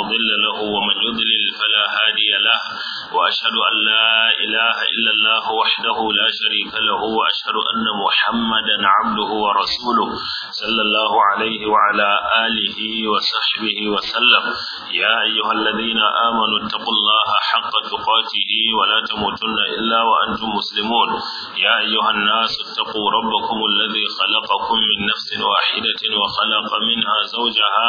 مضل له ومن يضلل فلا هادي له وأشهد أن لا إله إلا الله وحده لا شريك له وأشهد أن محمدا عبده ورسوله صلى الله عليه وعلى آله وصحبه وسلم يا أيها الذين آمنوا اتقوا الله حق تقاته ولا تموتن إلا وأنتم مسلمون يا أيها الناس اتقوا ربكم الذي خلقكم من نفس واحدة وخلق منها زوجها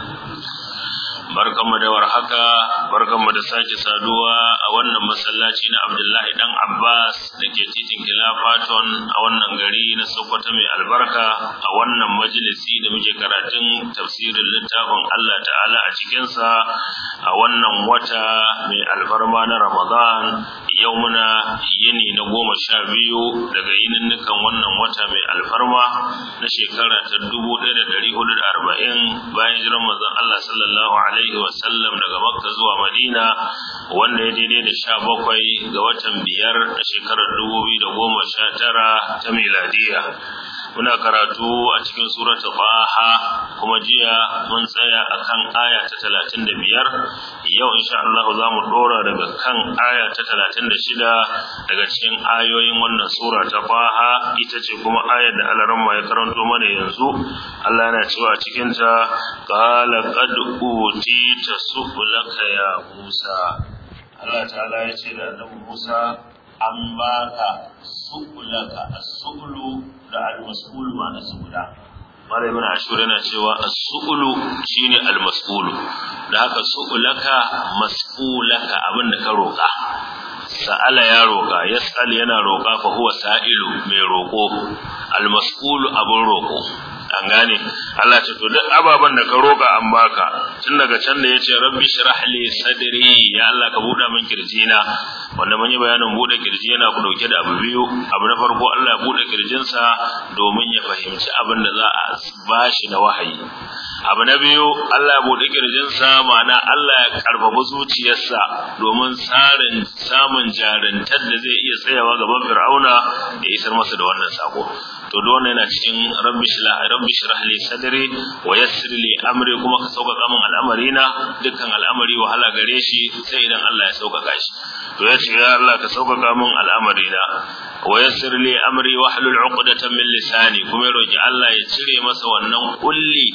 barkanmu da warhaka barkanmu da sake saduwa a wannan masallaci na Abdullahi dan Abbas dake titin Kilafaton a wannan gari na Sokoto mai albarka a wannan majalisi da muke karatun tafsirin littafin Allah ta'ala a cikinsa, a wannan wata mai albarma na Ramadan Yau yaumuna yini na goma sha biyu daga yininnikan wannan wata mai alfarma na shekara ta dubu ɗaya da ɗari hudu da arba'in bayan jiran manzon Allah sallallahu alaihi wa sallam daga Makka zuwa Madina wanda ya daidai da sha bakwai ga watan biyar na shekarar dubu biyu da goma sha tara ta miladiya. muna karatu a cikin surata faha kuma jiya mun tsaya a akan aya ta 35 yau insha Allah za mu ɗora daga kan aya ta shida daga cikin ayoyin wannan sura ta faha ita ce kuma ayar da alaramma ya karanto mana yanzu Allah yana cewa cikin ta qala qad utita su'laka ya Musa Allah ta'ala ya ce da Musa an baka su'laka as-su'lu guda al-mas'ulu ma guda ashur yana cewa as-su'ulu shine al-mas'ulu da haka su'ulaka mas'ulaka abin da ka roka sa'ala ya roka yas'al yana roka fa huwa sa'ilu mai roko al-mas'ulu abin roko an gane Allah ce to duk ababan da ka roka an baka tun daga can da ce rabbi shirah li sadri ya Allah ka buɗa min kirjina wanda mun yi bayanin buɗe kirji yana ku dauke da abu biyu abu na farko Allah ya buɗe kirjinsa domin ya fahimci abin da za a bashi na wahayi abu na biyu Allah ya buɗe kirjinsa ma'ana Allah ya karfafa zuciyarsa domin tsarin samun jarantar da zai iya tsayawa gaban Fir'auna ya isar masa da wannan sako to duk wannan yana cikin rabbi shila rabbi shrah li sadri wa yassir li amri kuma ka sauƙaƙa min al'amarina dukkan al'amari wahala gare shi sai idan Allah ya sauƙaƙa shi to ya ce ya Allah ka sauƙaƙa min al'amarina wa yassir li amri wa hlul 'uqdatan min lisani kuma ya roki Allah ya cire masa wannan kulli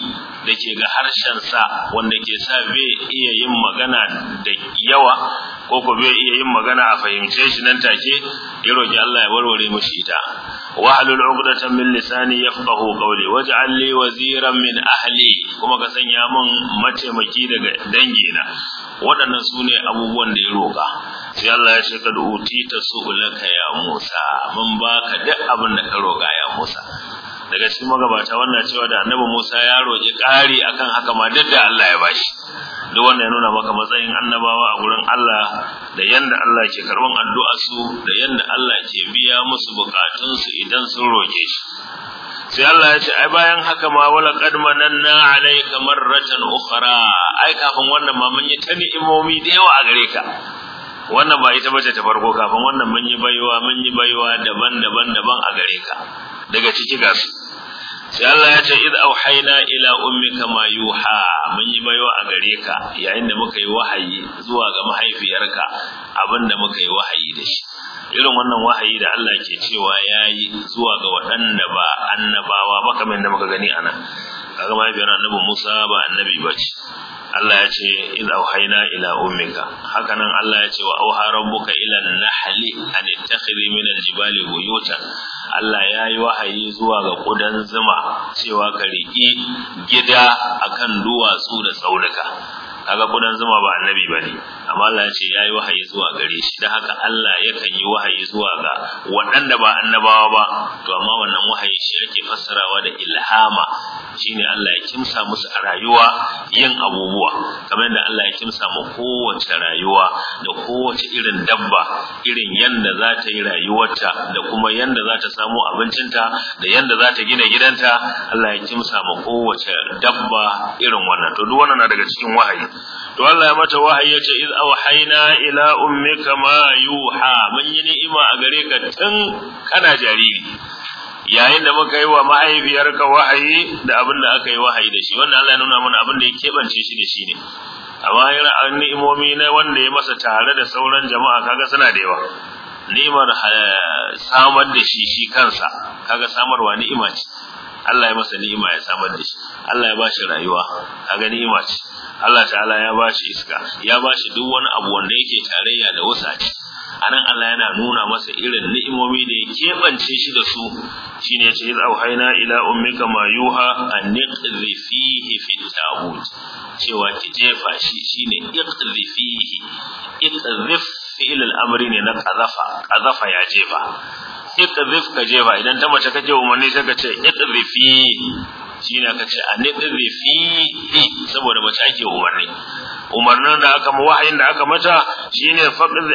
dake ga harshen sa wanda ke sa bai iya yin magana da yawa ko ko bai iya yin magana a fahimce shi nan take ya roki Allah ya warware mushi ita wahlul 'uqdatan min lisani yafqahu qawli waj'al li waziran min ahli kuma ka sanya min mataimaki daga dangina waɗannan sune abubuwan da ya roka sai Allah ya ce kad utita su'ulaka ya Musa mun baka duk abin da ka roka ya Musa daga cikin magabata wannan cewa da annabi Musa ya roƙi ƙari akan haka ma duk da Allah ya bashi duk wanda ya nuna maka matsayin annabawa a gurin Allah da yanda Allah ke karban addu'a su da yanda Allah ke biya musu bukatun su idan sun roke shi sai Allah ya ce ai bayan haka ma wala qad mananna alayka marratan ukhra ai kafin wannan ma mun yi ta ni'imomi da yawa a gare ka wannan ba ita bace ta farko kafin wannan mun yi baiwa mun yi baiwa daban-daban daban a gare ka daga ciki ga su sai Allah ya ce id auhayna ila ummika ma yuha mun yi bayo a gare ka yayin da muka yi wahayi zuwa ga mahaifiyarka abinda muka yi wahayi da shi irin wannan wahayi da Allah ke cewa yayi zuwa ga waɗanda ba annabawa ba kamar da muka gani anan kaga mahaifiyar annabi Musa ba annabi bace Allah ya ce iz auhaina ila ummika hakanan Allah ya ce wa auha rabbuka ila nahli an ittakhidhi min aljibali buyutan Allah ya yi wahayi zuwa ga kudan zuma cewa ka riki gida akan duwatsu da tsaunuka kaga kudan zuma ba annabi bane amma Allah ya ce yayi wahayi zuwa gare shi dan haka Allah yakan yi wahayi zuwa ga waɗanda ba annabawa ba to amma wannan wahayi shi yake fassarawa da ilhama shine Allah ya kimsa musu a rayuwa yin abubuwa kamar yadda Allah ya kimsa mu kowace rayuwa da kowace irin dabba irin yanda za ta yi rayuwarta da kuma yanda za ta samu abincinta da yanda za ta gina gidanta Allah ya kimsa mu kowace dabba irin wannan to duk wannan na daga cikin wahayi to Allah ya mata wahayi yace iz awhayna ila ummika ma yuha mun yi ni'ima a gare ka tun kana jariri yayin da muka yi wa mahaifiyarka wahayi da abin da aka yi wahayi da shi wannan Allah ya nuna mana abin da ya kebance shi da shi ne amma yana an ni'imomi na wanda ya masa tare da sauran jama'a kaga suna da yawa ni'imar eh, samar da shi shi kansa kaga samarwa ni'ima ce Allah ya masa ni'ima ya samar da shi Allah ya bashi rayuwa ga ni'ima ce Allah ta'ala ya bashi iska ya bashi duk wani abu wanda yake tarayya da wasa ce anan Allah yana nuna masa irin ni'imomi da ya keɓance shi da su shine ce iz auhayna ila ummika ma yuha an niqdhi fihi fil ta'ud cewa ki jefa shi shine iqdhi fihi iqdhif fi'il al-amri ne na qazafa qazafa ya jefa iqdhif ka je ba idan ta mace kake umarni sai ka ce shi ne ka ce an iqdhifi saboda mace ake umarni umarnin da aka wahayin da aka mata shine faqd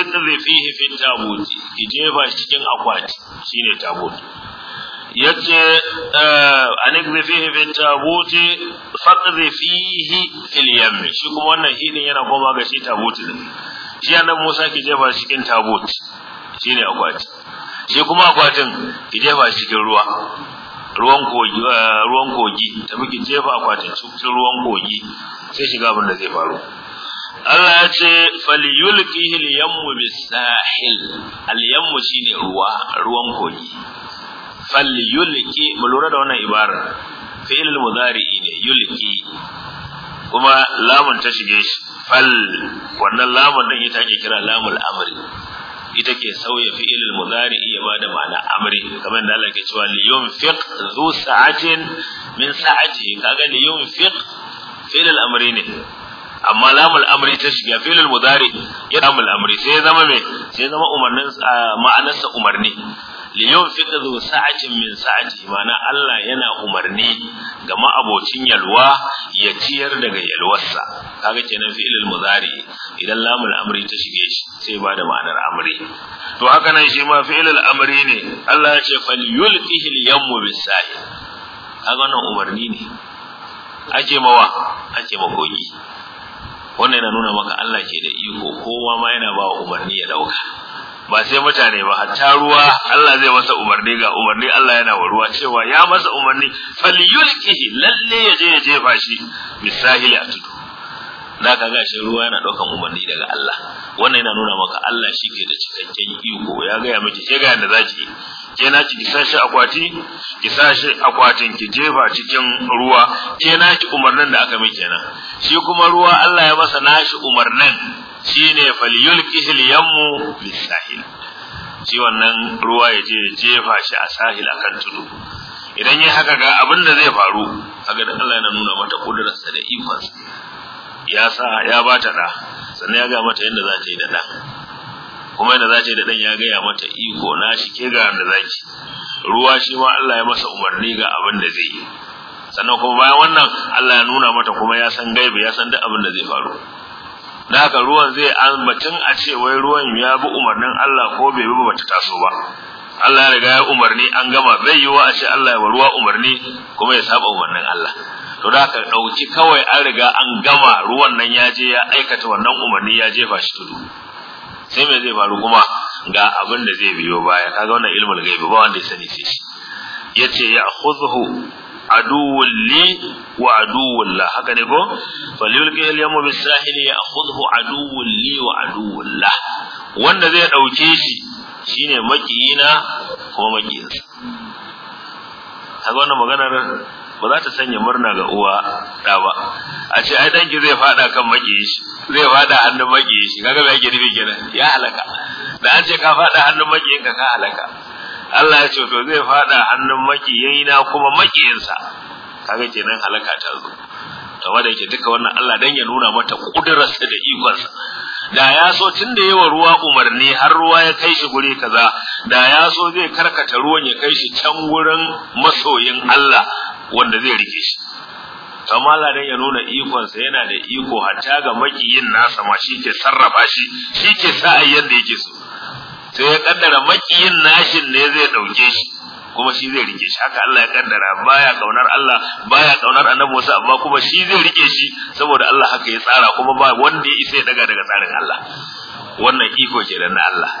iqdhifihi hifin tabuti ki jefa cikin akwati shi ne tabuti yace eh, an iqdhifihi fi tabut faqd fihi fil yam shi kuma wannan hidin yana koma ga shi tabuti din shi yana Musa ki ke jefa cikin tabuti shi ne akwati shi kuma akwatin ki jefa shi cikin ruwa ruwan kogi eh, ruwan kogi da muke jefa akwatin cikin ruwan kogi sai shiga abin da zai faru Allah ya ce falyulqihi al-yammu bis-sahil al-yammu shine ruwa ruwan kogi falyulqi mu lura da wannan ibara fi'il al-mudari ne yulqi kuma lamun ta shige shi fal wannan lamun din ita ake kira lamul amri ita ke sauya fi'ilul mudari ya da ma'ana amri kamar da Allah ke cewa li yunfiq zu sa'atin min sa'ati kaga li yunfiq fi'ilul amri ne amma lamul amri ta shiga fi'ilul mudari ya lamul amri sai zama me sai zama umarnin ah, ma'anarsa umarni Liyon liyunfiq zo sa'atin min sa'ati mana Allah yana umarni ga ma'abocin yalwa ya ciyar daga yalwarsa kaga kenan fi'il muzari idan lamul amri ta shige shi sai ba da ma'anar amri to haka nan shi ma fi'il amri ne Allah ya ce falyulqihi al-yammu bis kaga nan umarni ne ake mawa ake makoki wannan yana nuna maka Allah ke da iko kowa ma yana ba umarni ya dauka ba sai mutane ba hatta ruwa Allah zai masa umarni ga umarni Allah yana wa ruwa cewa ya masa umarni falyulqihi lalle ya je ya jefa shi misahili a tudu da ka ga shi ruwa yana daukan umarni daga Allah wannan yana nuna maka Allah shi ke da cikakken iko ya ga ya miki ke ga yanda zaki yi ke na ki kisashi akwati ki akwatin ki jefa cikin ruwa ke na ki umarnin da aka miki kenan shi kuma ruwa Allah ya masa nashi umarnin shine falyulqihi al-yammu bis-sahil shi wannan ruwa ya je jefa shi a sahil akan tudu idan ya haka ga abin da zai faru a gadan Allah yana nuna mata kudurarsa da imansa ya sa ya bata da sannan ya ga mata yadda za ta yi da dan kuma yadda za ta yi da dan ya gaya mata iko na shi ke ga da zaki ruwa shi ma Allah ya masa umarni ga abin da zai yi sannan kuma bayan wannan Allah ya nuna mata kuma ya san gaibi ya san duk abin da zai faru da haka ruwan zai an batun a ce wai ruwan ya bi umarnin Allah ko bai bi ba ta taso ba Allah ya riga ya umarni an gama zai yiwa a ce Allah ya bar ruwa umarni kuma ya saba umarnin Allah to da haka dauki kawai an riga an gama ruwan nan ya je ya aikata wannan umarni ya jefa shi tudu sai me zai faru kuma ga abin da zai biyo baya kaga wannan ilmul gaibi ba wanda ya sani sai shi yace ya khudhu aduwwun li wa aduwwun la haka ne ko falyulqi al-yawma bis ya ya'khudhu aduwwun li wa aduwwun la wanda zai dauke shi shine makiyina ko makiyinsa Haka wannan maganar ba za ta sanya murna ga uwa da ba a ce ai danki zai fada kan makiyi shi zai fada hannun makiyi shi kaga me yake nufi kenan ya halaka da an ce ka fada hannun makiyin ka ka halaka Allah ya ce to zai fada hannun makiyayi na kuma makiyinsa kaga kenan halaka ta zo to wanda yake duka wannan Allah dan ya nuna mata kudirarsa da ikonsa da ya so tun da yawa ruwa umarni har ruwa ya kai shi guri kaza da ya so zai karkata ruwan ya kai shi can gurin masoyin Allah wanda zai rike shi to Allah dan ya nuna ikonsa yana da iko hatta ga makiyin nasa ma shi ke sarrafa shi shi ke sa yadda yake so sai ya kaddara makiyin nashin ne zai dauke shi kuma shi zai rike shi haka Allah ya kaddara baya kaunar Allah baya kaunar Annabi Musa amma kuma shi zai rike shi saboda Allah haka ya tsara kuma ba wanda ya isa ya daga daga tsarin Allah wannan iko kenan na Allah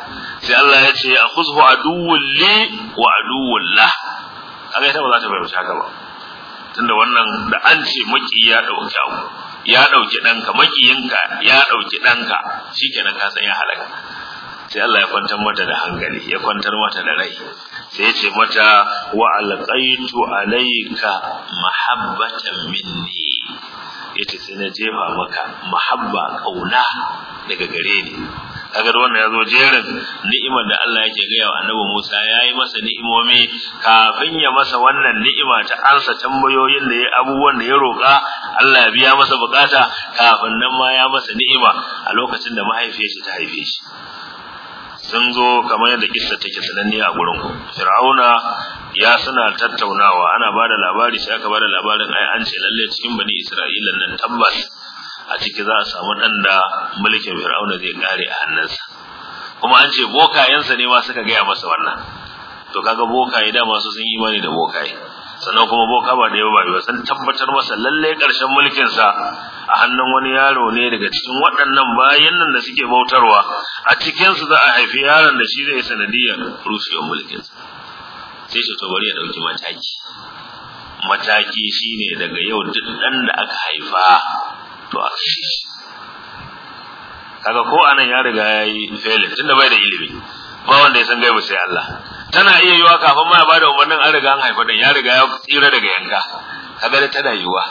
sai Allah ya ce akhuzhu aduwwul li wa aduwwul la kaga ita ba za ta shi haka ba tunda wannan da an ce ya dauke abu ya dauki danka makiyinka ya dauki danka shikenan ka san ya halaka sai Allah ya kwantar mata da hankali ya kwantar mata da rai sai ya mata wa alqaitu alayka mahabbatan minni yace sai na jefa maka mahabba kauna daga gare ni kaga wannan yazo jerin ni'imar da Allah yake ga yawa Annabi Musa yayi masa ni'imomi kafin ya masa wannan ni'ima ta ansa tambayoyin da ya abubuwan da ya roka Allah ya biya masa bukata kafin nan ma ya masa ni'ima a lokacin da mahaifiyarsa ta haife shi sun zo kamar yadda kissa take sananne a gurin ku fir'auna ya suna tattaunawa ana bada da labari sai aka ba da labarin ai an ce lalle cikin bani isra'ila nan tabbas a ciki za a samu dan da mulkin fir'auna zai kare a hannunsa kuma an ce bokayensa ne ma suka gaya masa wannan to kaga bokaye da masu sun yi imani da bokaye sannan kuma boka ba da yawa ba san tabbatar masa lalle ƙarshen mulkin sa a hannun wani yaro ne daga cikin waɗannan bayan nan da suke bautarwa a cikinsu za a haifi yaron da shi zai sanadiyar rushewar mulkin sa sai shi to bari ya ɗauki mataki mataki shine daga yau duk dan da aka haifa to a shi kaga ko anan ya riga yayi failure tunda bai da ilimi ba wanda ya san gaibu sai Allah tana iya yiwa kafin ma ya bada umarnin an riga an haifa dan ya riga ya tsira daga yanka kaga da tana yiwa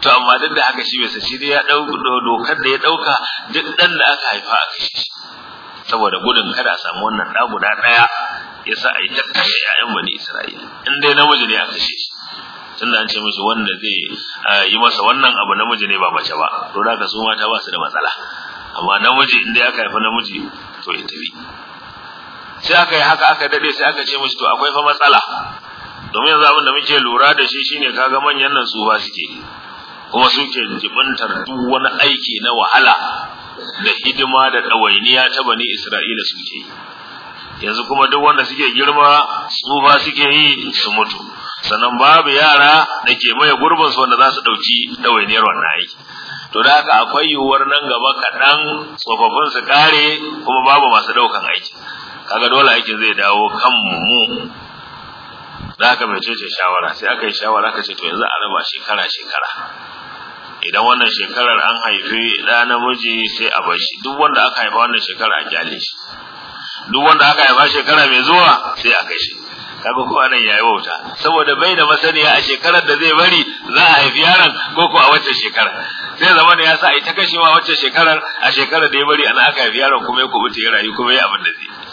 to amma duk da haka shi bai sace dai ya dauki dokar da ya dauka duk dan da aka haifa a kashe shi saboda gudun kada a samu wannan da guda daya yasa ai ta kashe ƴaƴan bani Isra'ila in dai namiji ne a kashe shi tunda an ce mishi wanda zai yi masa wannan abu namiji ne ba mace ba to da ka su mata ba su da matsala amma namiji in dai aka haifa namiji to ya tafi sai aka yi haka aka dade sai aka ce mishi to akwai fa matsala domin yanzu abin da muke lura da shi shine kaga manyan nan su ba suke kuma suke jibantar duk wani aiki na wahala da hidima da ɗawainiya ta bani Isra'ila suke yi yanzu kuma duk wanda suke girma su ba suke yi su mutu sannan babu yara da ke maye gurbin su wanda za su ɗauki ɗawainiyar wannan aiki to da haka akwai yiwuwar nan gaba kaɗan tsofaffin su ƙare kuma babu masu ɗaukan aiki kaga dole aikin zai dawo kan mu da aka mai cece shawara sai aka yi shawara aka ce to yanzu a raba shekara shekara idan wannan shekarar an haifi ɗa namiji sai a bar shi duk wanda aka haifa wannan shekara a gyale shi duk wanda aka haifa shekara mai zuwa sai a kai shi kaga ko nan yayi wauta saboda bai da masaniya a shekarar da zai bari za a haifi yaron ko ko a wacce shekara sai zaman ya sa a yi ta kashewa wacce shekarar a shekarar da ya bari ana aka haifi yaron kuma ya kubuta ya rayu kuma ya abin da zai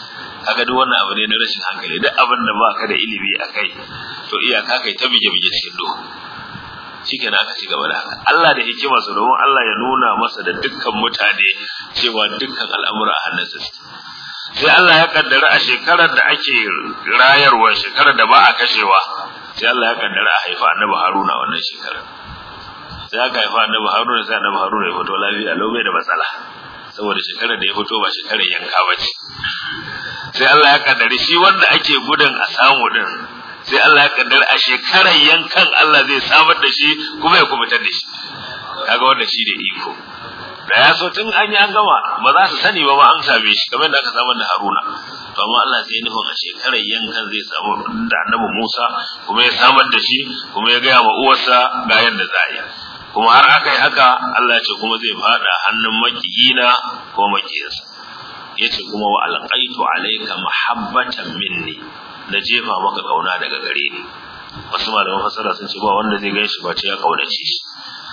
kaga duk wannan abu ne na rashin hankali duk abin da ba ka da ilimi a kai to iyaka kai ta bige bige cikin duhu shi na aka ci gaba da haka Allah da hikima su domin Allah ya nuna masa da dukkan mutane cewa dukkan al'amura a hannunsa sai Allah ya kaddara a shekarar da ake rayarwa shekarar da ba a kashewa sai Allah ya kaddara a haifa annabi Haruna wannan shekarar sai aka haifa annabi Haruna sai annabi Haruna ya fito lafiya lobe da matsala saboda shekarar da ya fito ba shekarar yanka ba ce sai Allah ya kaddare shi wanda ake gudun a samu din sai Allah ya kaddare a shekarar yankan Allah zai samar da shi kuma ya kubutar da shi kaga wanda shi da iko da ya so tun an yi an gama ba za su sani ba ma an same shi kamar yadda aka samar da Haruna to amma Allah sai nufin a shekarar yankan zai samu da Annabi Musa kuma ya samar da shi kuma ya gaya wa uwarsa ga yadda za yi kuma har aka yi haka Allah ya ce kuma zai faɗa hannun makiyina ko makiyarsa yace kuma wa alqaitu alayka mahabbatan minni na jefa maka kauna daga gare ni wasu malaman fasara sun ce ba wanda zai gaishe ba ce ya kaunace shi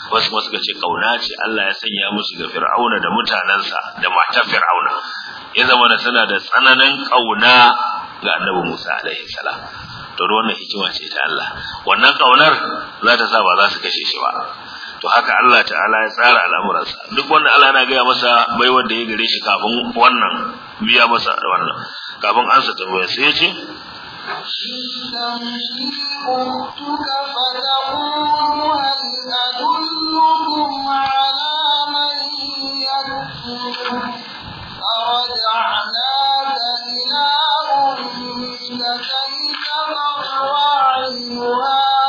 wasu kuma suka ce kauna ce Allah ya sanya musu ga Fir'auna da mutanansa da matar Fir'auna ya zama na suna da tsananin kauna ga Annabi Musa alaihi salam to wannan hikima ce ta Allah wannan kaunar za ta sa ba za su kashe shi ba to haka Allah ta'ala ya tsara al'amuransa duk wanda Allah yana gaya masa bai wanda ya gare shi kafin wannan biya masa wannan kafin ansa tambaya sai ya ce أرجعناك إلى أمك كي تقر أعينها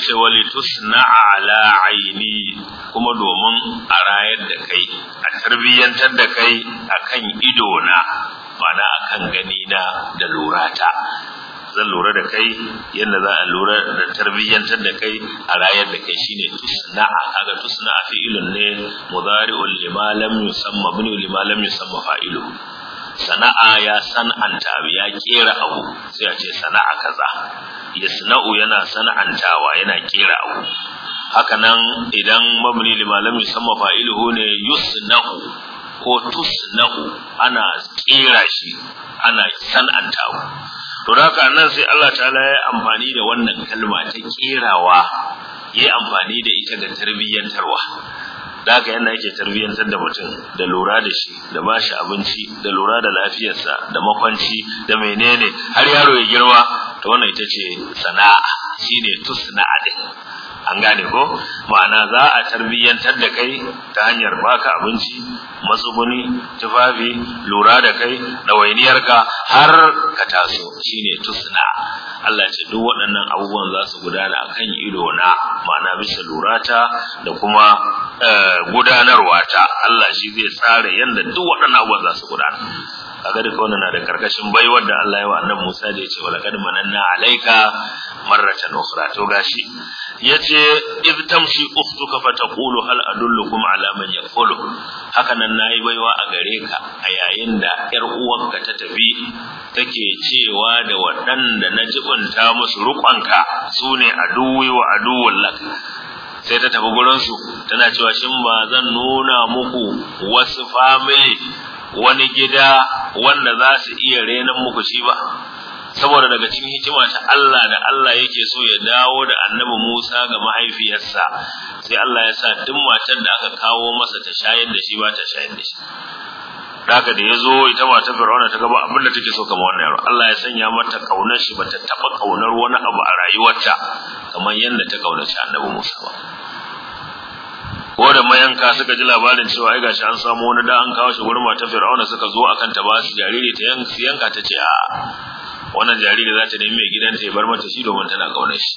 ce wali tusna'a ala aini kuma domin a rayar da kai a tarbiyyantar da kai akan ido na mana akan gani na da lura ta. zan lura da kai yadda za a lura da tarbiyyantar da kai a rayar da kai shine tusna'a kaga tusna'a fi'ilun ne mudari'un lima lam yusamma bin lima lam yusamma sana'a ya san'anta ya kera abu sai a ce sana'a kaza yasna'u yana sana'antawa yana kera abu haka nan idan mabni malami yusamma fa'iluhu ne yusna'u ko tusna'u ana kera shi ana sana'antawa to da haka nan sai Allah ta'ala ya amfani da wannan kalma ta kerawa yi amfani da ita ga tarbiyyantarwa da haka yana yake tarbiyyantar da mutum da lura da shi da ba shi abinci da lura da lafiyarsa da makwanci da menene har yaro ya girma to wannan ita ce sana'a shine tusna'a din an gane ko ma'ana za a tarbiyyantar da kai ta hanyar baka abinci matsuguni tufafi lura da kai ɗawainiyarka har ka taso shine tusna Allah ce duk waɗannan abubuwan za su gudana akan ido na ma'ana bisa lura ta da kuma eh, gudanarwa ta Allah shi zai tsara yadda duk waɗannan abubuwan za su gudana kaga duka wannan na da karkashin baiwar da Allah ya wa annabi Musa da yace kad mananna alayka marratan ukhra to gashi yace if tamshi ukhtuka fataqulu hal adullukum ala man yaqulu haka nan nayi baiwa a gare ka a yayin da yar uwanka ta tafi take cewa da waɗanda na jibunta musu rukunka sune aduwi wa aduwul lak sai ta tafi gurin su tana cewa shin ba zan nuna muku wasu family wani gida wanda za su iya renan muku shi ba saboda daga cikin hikima ta Allah da Allah yake so ya dawo da annabi Musa ga mahaifiyarsa sai Allah ya sa duk matar da aka kawo masa ta shayar da shi ba ta shayar da shi haka da ya zo ita matar fir'auna ta gaba abin da take so kamar wannan yaro Allah ya sanya mata kaunar shi bata taba kaunar wani abu a rayuwarta kamar yadda ta kaunaci annabi Musa ba ko da mayanka suka ji labarin cewa ai gashi an samu wani da an kawo shi gurin mata Fir'auna suka zo akan ta ba su jariri ta yanka ta ce a wannan jariri za ta nemi mai gidanta ya bar mata shi domin tana kaunar shi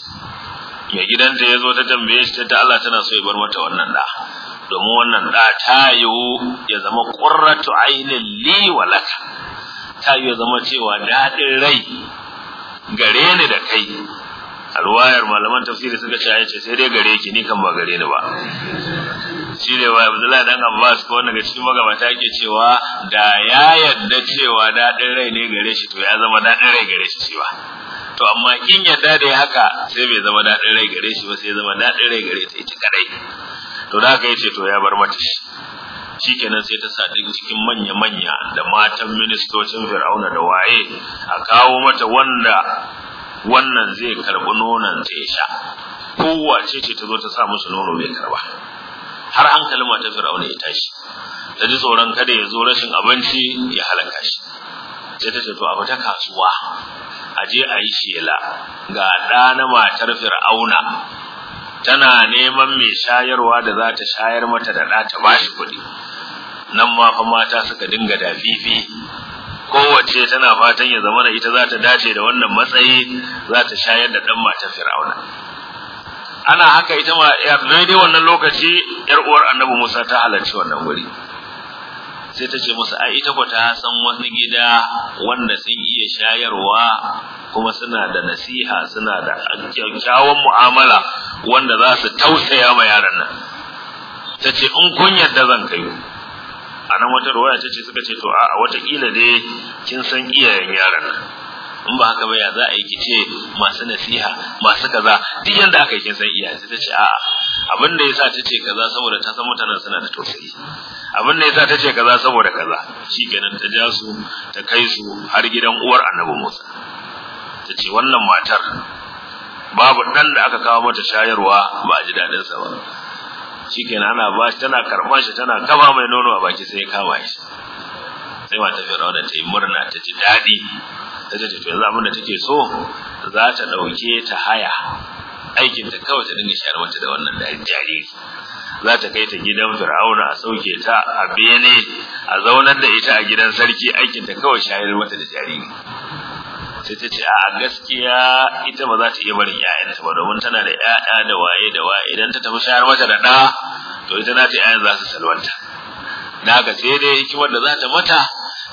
mai gidanta ya zo ta tambaye shi ta Allah tana so ya bar mata wannan da domin wannan da ta yiwu ya zama qurratu ainin li wa ta yiwu ya zama cewa dadin rai gare ni da kai Alwayar malaman tafsiri suka ce ayace ce sai dai gare ki ni kan ba gare ni ba shi ne wa Abdullahi dan Abbas ko daga cikin magabata yake cewa da ya yadda cewa daɗin rai ne gare shi to ya zama daɗin rai gare shi cewa to amma in yadda da haka sai bai zama daɗin rai gare shi ba sai zama daɗin rai gare ta ita kadai to da haka yace to ya bar mata shi kenan sai ta sa cikin manya-manya da matan ministocin Fir'auna da waye a kawo mata wanda wannan zai karbi nonon ta ya sha kowace ce ta zo ta sa musu nono mai karba har hankalin mata fir'auna ya tashi ta ji tsoron kada ya zo rashin abinci ya halaka shi sai ta ce to abu ta kasuwa a je a yi shela ga ɗa na matar fir'auna tana neman mai shayarwa da za ta shayar mata da ɗa ta bashi kuɗi nan ma fa mata suka dinga da fifi? kowace tana fatan ya zama da ita za ta dace da wannan matsayi za ta shayar da dan matar fir'auna ana haka ita ma ya daidai wannan lokaci yar uwar annabi Musa ta halarci wannan wuri sai ta ce musu ai ita ko ta san wani gida wanda sun iya shayarwa kuma suna da nasiha suna da kyakkyawan mu'amala wanda za su tausaya ma yaran nan ta ce in kun yarda zan kai a nan wata ruwaya ta ce suka ce to a watakila dai kin san iyayen yaran in ba haka ba ya za a yi kice masu nasiha masu kaza duk yanda aka yi kin san iyayen sai ta ce a'a abin da yasa ta ce kaza saboda ta san mutanen suna da tausayi abin da yasa ta ce kaza saboda kaza shikenan ta ja su ta kai su har gidan uwar annabi Musa ta ce wannan matar babu dan da aka kawo mata shayarwa ba a ji dadin sa ba shikenan ana ba shi tana karba shi tana kama mai nono a baki sai ya kama shi sai mata Fir'auna ta yi murna ta ji daɗi ta ce to yanzu da take so za ta ɗauke ta haya aikin ta kawai ta dinga shayar mata da wannan jariri za ta kai ta gidan Fir'auna a sauke ta a bene a zaunar da ita a gidan sarki aikin ta kawai shayar mata da jariri sai ta ce a gaskiya ita ba za ta iya barin ƴaƴanta ba domin tana da 'ya'ya da waye da waye idan ta tafi shayar mata da ɗa to ita na ta ƴaƴan za su salwanta Na ga sai dai hikimar da za ta mata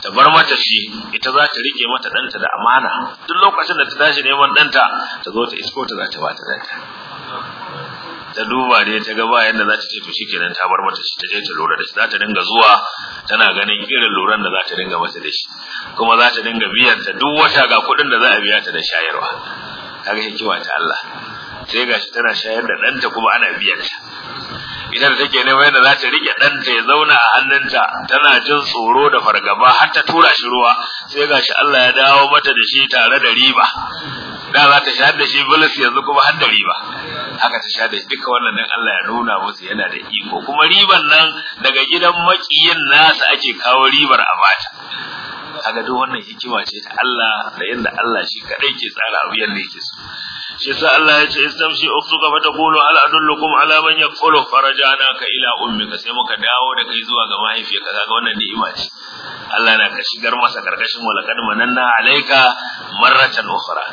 ta bar mata shi ita za ta rike mata ɗanta da amana duk lokacin da ta tashi neman ɗanta ta zo ta isko ta za ta ba ta ɗanta ta duba dai ta ga ba yadda za ta ce to shikenan ta bar mata shi ta je ta lura da shi za ta dinga zuwa tana ganin irin luran da za ta dinga mata da shi kuma za ta dinga biyan ta duk wata ga kuɗin da za a biya ta da shayarwa kaga hikima ta Allah sai ga shi tana shayar da ɗanta kuma ana biyan ta ita da take neman yadda za ta rike ɗanta ya zauna a hannunta tana jin tsoro da fargaba har ta tura shi ruwa sai ga shi Allah ya dawo mata da shi tare da riba da za ta shahada shi bulus yanzu kuma har da riba haka ta shahada shi duka wannan dan Allah ya nuna musu yana da iko kuma riban nan daga gidan makiyin nasa ake kawo ribar a mata haka duk wannan hikima ce ta Allah da yadda Allah shi kadai ke tsara abu yanda yake so shi sa Allah ya ce istamshi uktuka fa taqulu hal adullukum ala man yaqulu farajana ka ila ka sai muka dawo da kai zuwa ga mahaifiyarka kaga wannan ni'ima ce Allah na ka shigar masa karkashin walakad mananna alayka marratan ukhra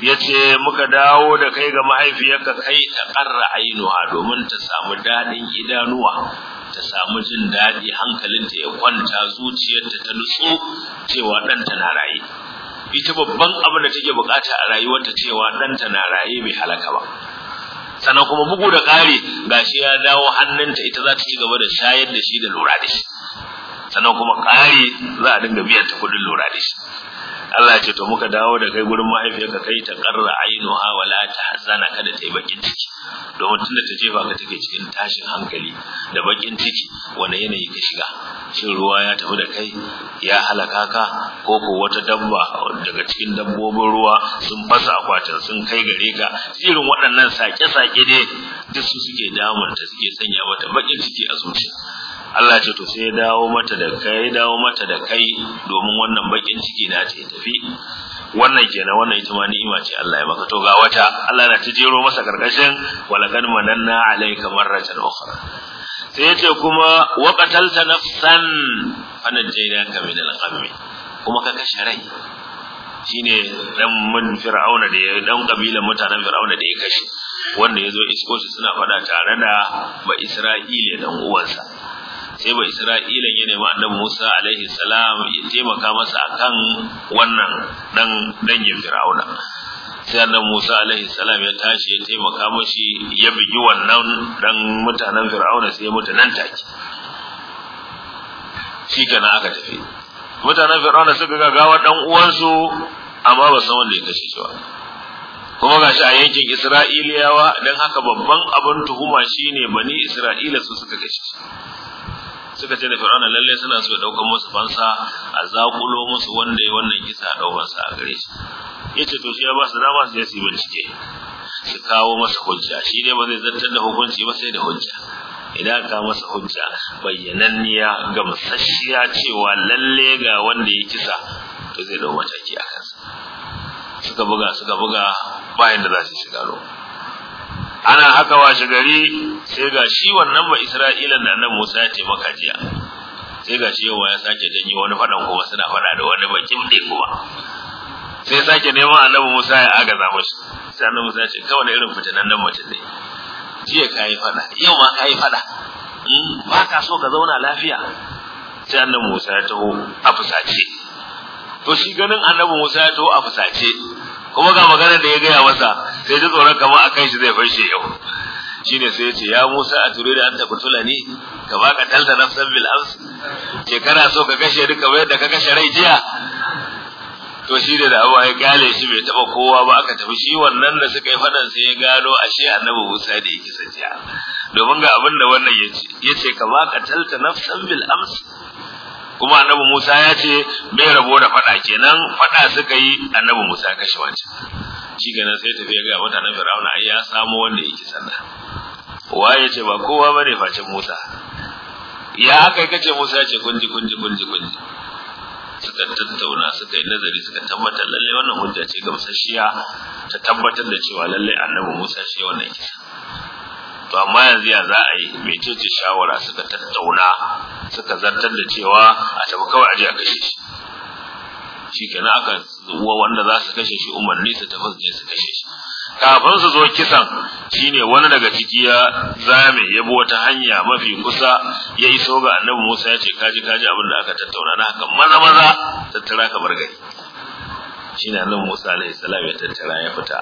yace muka dawo da kai ga mahaifiyarka kai ta qarra ainuha domin ta samu dadin idanuwa ta samu jin dadi hankalinta ya kwanta zuciyarta ta nutsu cewa danta na raye ita babban abu da take bukata a rayuwarta cewa danta na raye bai halaka ba sannan kuma bugu da ƙari gashi ya dawo hannunta ita za ta ci gaba da shayar da shi da lura da shi sannan kuma kare za a dinga biyan ta kuɗin lura da shi Allah ya ce to muka dawo da kai gurin mahaifiyarka kai ta karra ainuha wala ta hazana kada ta yi bakin ciki domin tunda ta jefa ka take cikin tashin hankali da bakin ciki wani yanayi ka shiga shin ruwa ya tafi da kai ya halaka ka ko ko wata dabba daga cikin dabbobin ruwa sun fasa akwatin sun kai gare ka irin waɗannan sake-sake ne duk su suke damunta suke sanya mata bakin ciki a zuciya Allah ce to sai ya dawo mata da kai dawo mata da kai domin wannan bakin ciki na ce tafi wannan kenan wannan ita ma ni'ima ce Allah ya maka to ga wata Allah na ta jero masa karkashin walaqad mananna alayka marratan ukhra sai yace kuma wa qatalta nafsan ka min al kuma ka kashe rai shine dan mun fir'auna da ya dan kabilan mutanen fir'auna da ya kashe wanda yazo iskoshi suna fada tare da ba Isra'ila dan uwansa sai ba Isra'ilan ya nemi Annabi Musa alaihi salam ya taimaka masa akan wannan dan dangin Fir'auna sai annabi Musa alaihi salam ya tashi ya taimaka mashi ya bigi wannan dan mutanen Fir'auna sai ya mutu nan take shi kana aka tafi mutanen Fir'auna suka ga gawa dan uwansu amma ba san wanda ya kashe shi ba kuma ga shi a yankin Isra'iliyawa dan haka babban abin tuhuma shine bani Isra'ila su suka kashe shi suka ce da fir'auna lalle suna so ya daukar musu fansa a zakulo musu wanda ya wannan kisa a daukar sa a gare shi yace to shi ya ba su dama su je yi bincike su kawo masa hujja shi dai ba zai zartar da hukunci ba sai da hujja idan ka masa hujja bayyananniya ga musasshiya cewa lalle ga wanda ya kisa to zai dau mataki a kansa suka buga suka buga bayan da za su shiga ruwa ana haka washe gari sai ga shi wannan ba Isra'ila da nan musa ya ce maka jiya sai ga shi yawa ya sake janyi wani faɗan kuma suna faɗa da wani bakin dai kuma sai sake neman annabi musa ya agaza mashi sai annabi musa ya ce kawai da irin fitinan nan mace ne jiya ka yi faɗa yau ma ka yi faɗa hmm, ba ka so ka zauna lafiya sai annabi musa ya taho a fusace to shi ganin annabi musa ya taho a fusace kuma ga magana da ya gaya masa sai ji tsoron a kai shi zai fashe yau Shi ne sai ya ce ya Musa a ture da anta kutulani ka ba ka talta nafsan bil ams ce kana so ka kashe duka wayar da ka kashe rai jiya to shi da abuwa ya gale shi bai taba kowa ba aka tafi shi wannan da suka yi fadan sai ya gano ashe annabi Musa da yake sajiya domin ga abin da wannan ya ce ka ka talta nafsan bil ams kuma annabi Musa ya ce bai rabo da fada kenan fada suka yi annabi Musa kashe wancan shi na sai tafi ya ga mutanen Fir'auna ai ya samu wanda yake sanna ya ce ba kowa bane facin Musa ya aka kace Musa ya ce kunji kunji kunji kunji suka tattauna suka yi nazari suka tabbatar lalle wannan hujja ce gamsasshiya ta tabbatar da cewa lalle annabi Musa shi wannan yake to amma yanzu ya za a yi mecece shawara suka tattauna suka zartar da cewa a tafi kawai aje a kashe shi shikenan aka zuwa wanda za su kashe shi umarni su tafas ne su kashe shi kafin su zo kisan shine wani daga ciki ya zame ya bi wata hanya mafi kusa ya iso ga annabi Musa ya ce kaji kaji abin da aka tattauna na haka maza maza tattara ka bar gari shine annabi Musa alaihi salam ya tattara ya fita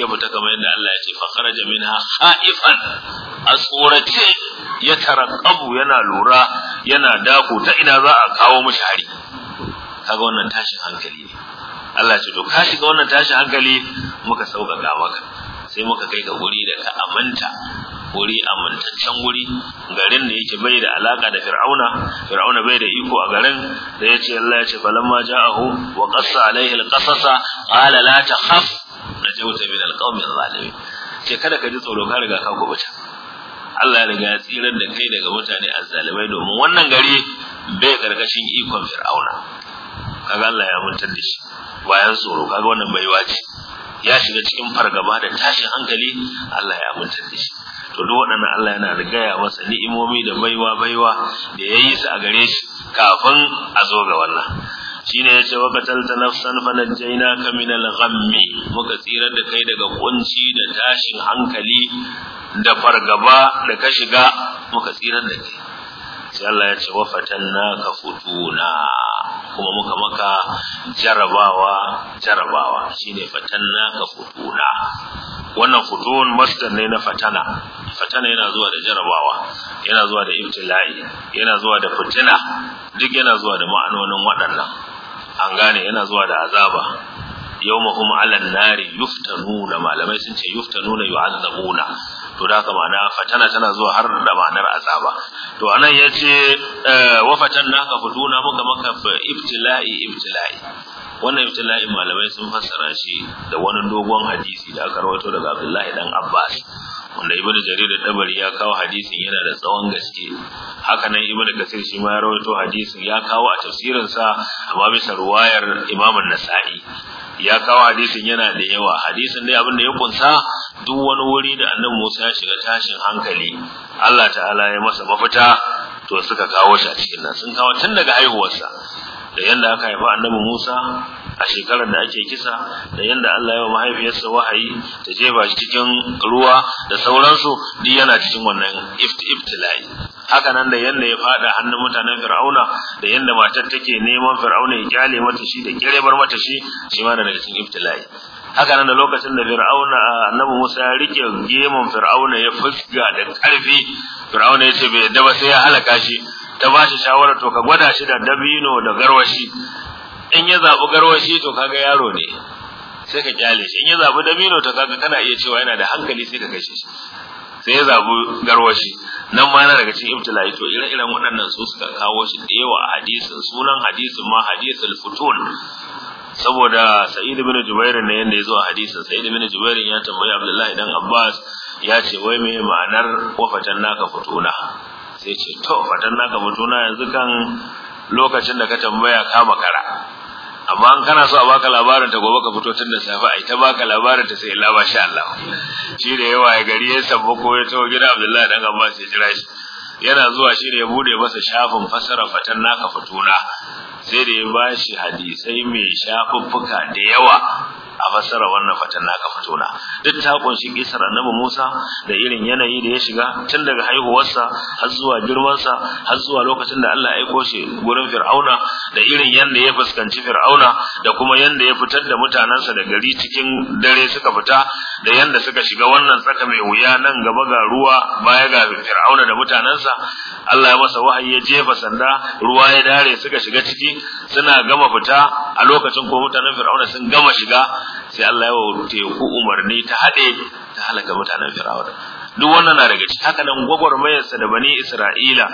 ya fita kamar yadda Allah ya ce fa kharaja minha khaifan asqurati ya tarqabu yana lura yana dako ta ina za a kawo mashi hari kaga wannan tashin hankali ne Allah ce to ka shiga wannan tashin hankali muka sauƙaƙa maka sai muka kai ka guri da ka amanta wuri amintaccen wuri garin da yake bai da alaka da fir'auna fir'auna bai da iko a garin da yace Allah ya ce falamma ja'ahu wa qassa alaihi alqasasa qala la takhaf najawta min alqawmi alzalimin ce kada ka ji tsoro ka riga ka kubuta Allah ya riga ya tsirar da kai daga mutane azzalimai domin wannan gari bai karkashin ikon fir'auna kaga Allah ya mutar da shi bayan tsoro kaga wannan baiwa ce ya shiga cikin fargaba da tashin hankali Allah ya mutar da shi to duk waɗannan Allah yana rigaya masa ni'imomi da baiwa baiwa da yayi su a gare shi kafin a zo ga wannan shine ce, wa qatalta nafsan fanajjaynaka min al-ghammi muka tsirar da kai daga kunci da tashin hankali da fargaba da ka shiga muka tsirar da kai sai Allah ya ce wa ka futuna kuma muka maka jarabawa jarabawa shine fatanna ka futuna wannan futun masdar ne na fatana fatana yana zuwa da jarabawa yana zuwa da ibtila'i yana zuwa da fitina duk yana zuwa da ma'anonin waɗannan an gane yana zuwa da azaba yawma hum 'alan nari yuftanuna malamai sun ce yuftanuna yu'azzabuna to da haka ma'ana fatana tana zuwa har da ma'anar azaba to anan yace eh, wa fatanna ka fuduna muka maka ibtila'i ibtila'i wannan ibtila'i malamai sun fassara shi da wani dogon hadisi da aka rawaito daga Abdullahi dan Abbas wanda ibnu jarir da tabari ya kawo hadisin yana da tsawon gaske haka nan ibnu kasir shi ma ya rawaito hadisin ya kawo a tafsirin sa amma bisa ruwayar imamu nasa'i ya kawo hadisin yana da yawa hadisin dai abin da ya kunsa duk wani wuri da annabi Musa ya shiga tashin hankali Allah ta'ala ya masa mafita to suka kawo shi a cikin nan sun kawo tun daga haihuwarsa da yanda aka haifa annabi Musa a shekarar da ake kisa da yadda Allah ya wa mahaifiyarsa wahayi ta jefa shi cikin ruwa da sauransu duk yana cikin wannan ibtila'i haka nan da yadda ya fada hannun mutanen Fir'auna da yadda matar take neman Fir'auna ya kyale mata shi da kirebar mata shi shi ma daga cikin ibtila'i haka nan da lokacin da fir'auna annabi Musa ya rike gemun fir'auna ya fuska da karfi fir'auna ya ce bai yadda ba sai ya halaka shi ta ba shi shawara to ka gwada shi da dabino da garwashi in ya zaɓi garwashi to kaga yaro ne sai ka kyale shi in ya zaɓi dabino to kaga kana iya cewa yana da hankali sai ka kashe shi sai ya zaɓi garwashi nan ma yana daga cikin ibtila'i to ire-iren waɗannan su suka kawo shi da yawa a hadisin sunan hadisin ma hadisul futun saboda sa'id ibn jubair ne yanda zo a hadisin sa'id ibn jubair ya tambayi abdullahi dan abbas ya ce wai me ma'anar wafatan naka futuna sai ce to fatan naka futuna yanzu kan lokacin da ka tambaya ka makara amma an kana so a baka labarin ta gobe ka fito tun da safe ai ta baka labarin ta sai illa ba sha Allah shi da yawa ya gari ya samu ko ya tawo gida Abdullahi dan amma ya jira shi yana zuwa shi ne ya bude masa shafin fasara fatan naka fatuna sai da ya bashi hadisai mai shafuffuka da yawa a fassara wannan fatan naka na duk ta kunshi kisar annabi Musa da irin yanayi da ya shiga tun daga haihuwarsa har zuwa girmansa har zuwa lokacin da Allah ya aiko shi gurin Fir'auna da irin yanda ya fuskanci Fir'auna da kuma yanda ya fitar da mutanansa da gari cikin dare suka fita da yanda suka shiga wannan tsaka mai wuya nan gaba ga ruwa baya ga Fir'auna da mutanansa Allah ya masa wahayi ya jefa sanda ruwa ya dare suka shiga ciki suna gama fita a lokacin ko mutanen Fir'auna sun gama shiga sai Allah ya wurute ku umarni ta hade ta halaka mutanen Fir'auna duk wannan na daga ciki haka nan gwagwarmayarsa da bani Isra'ila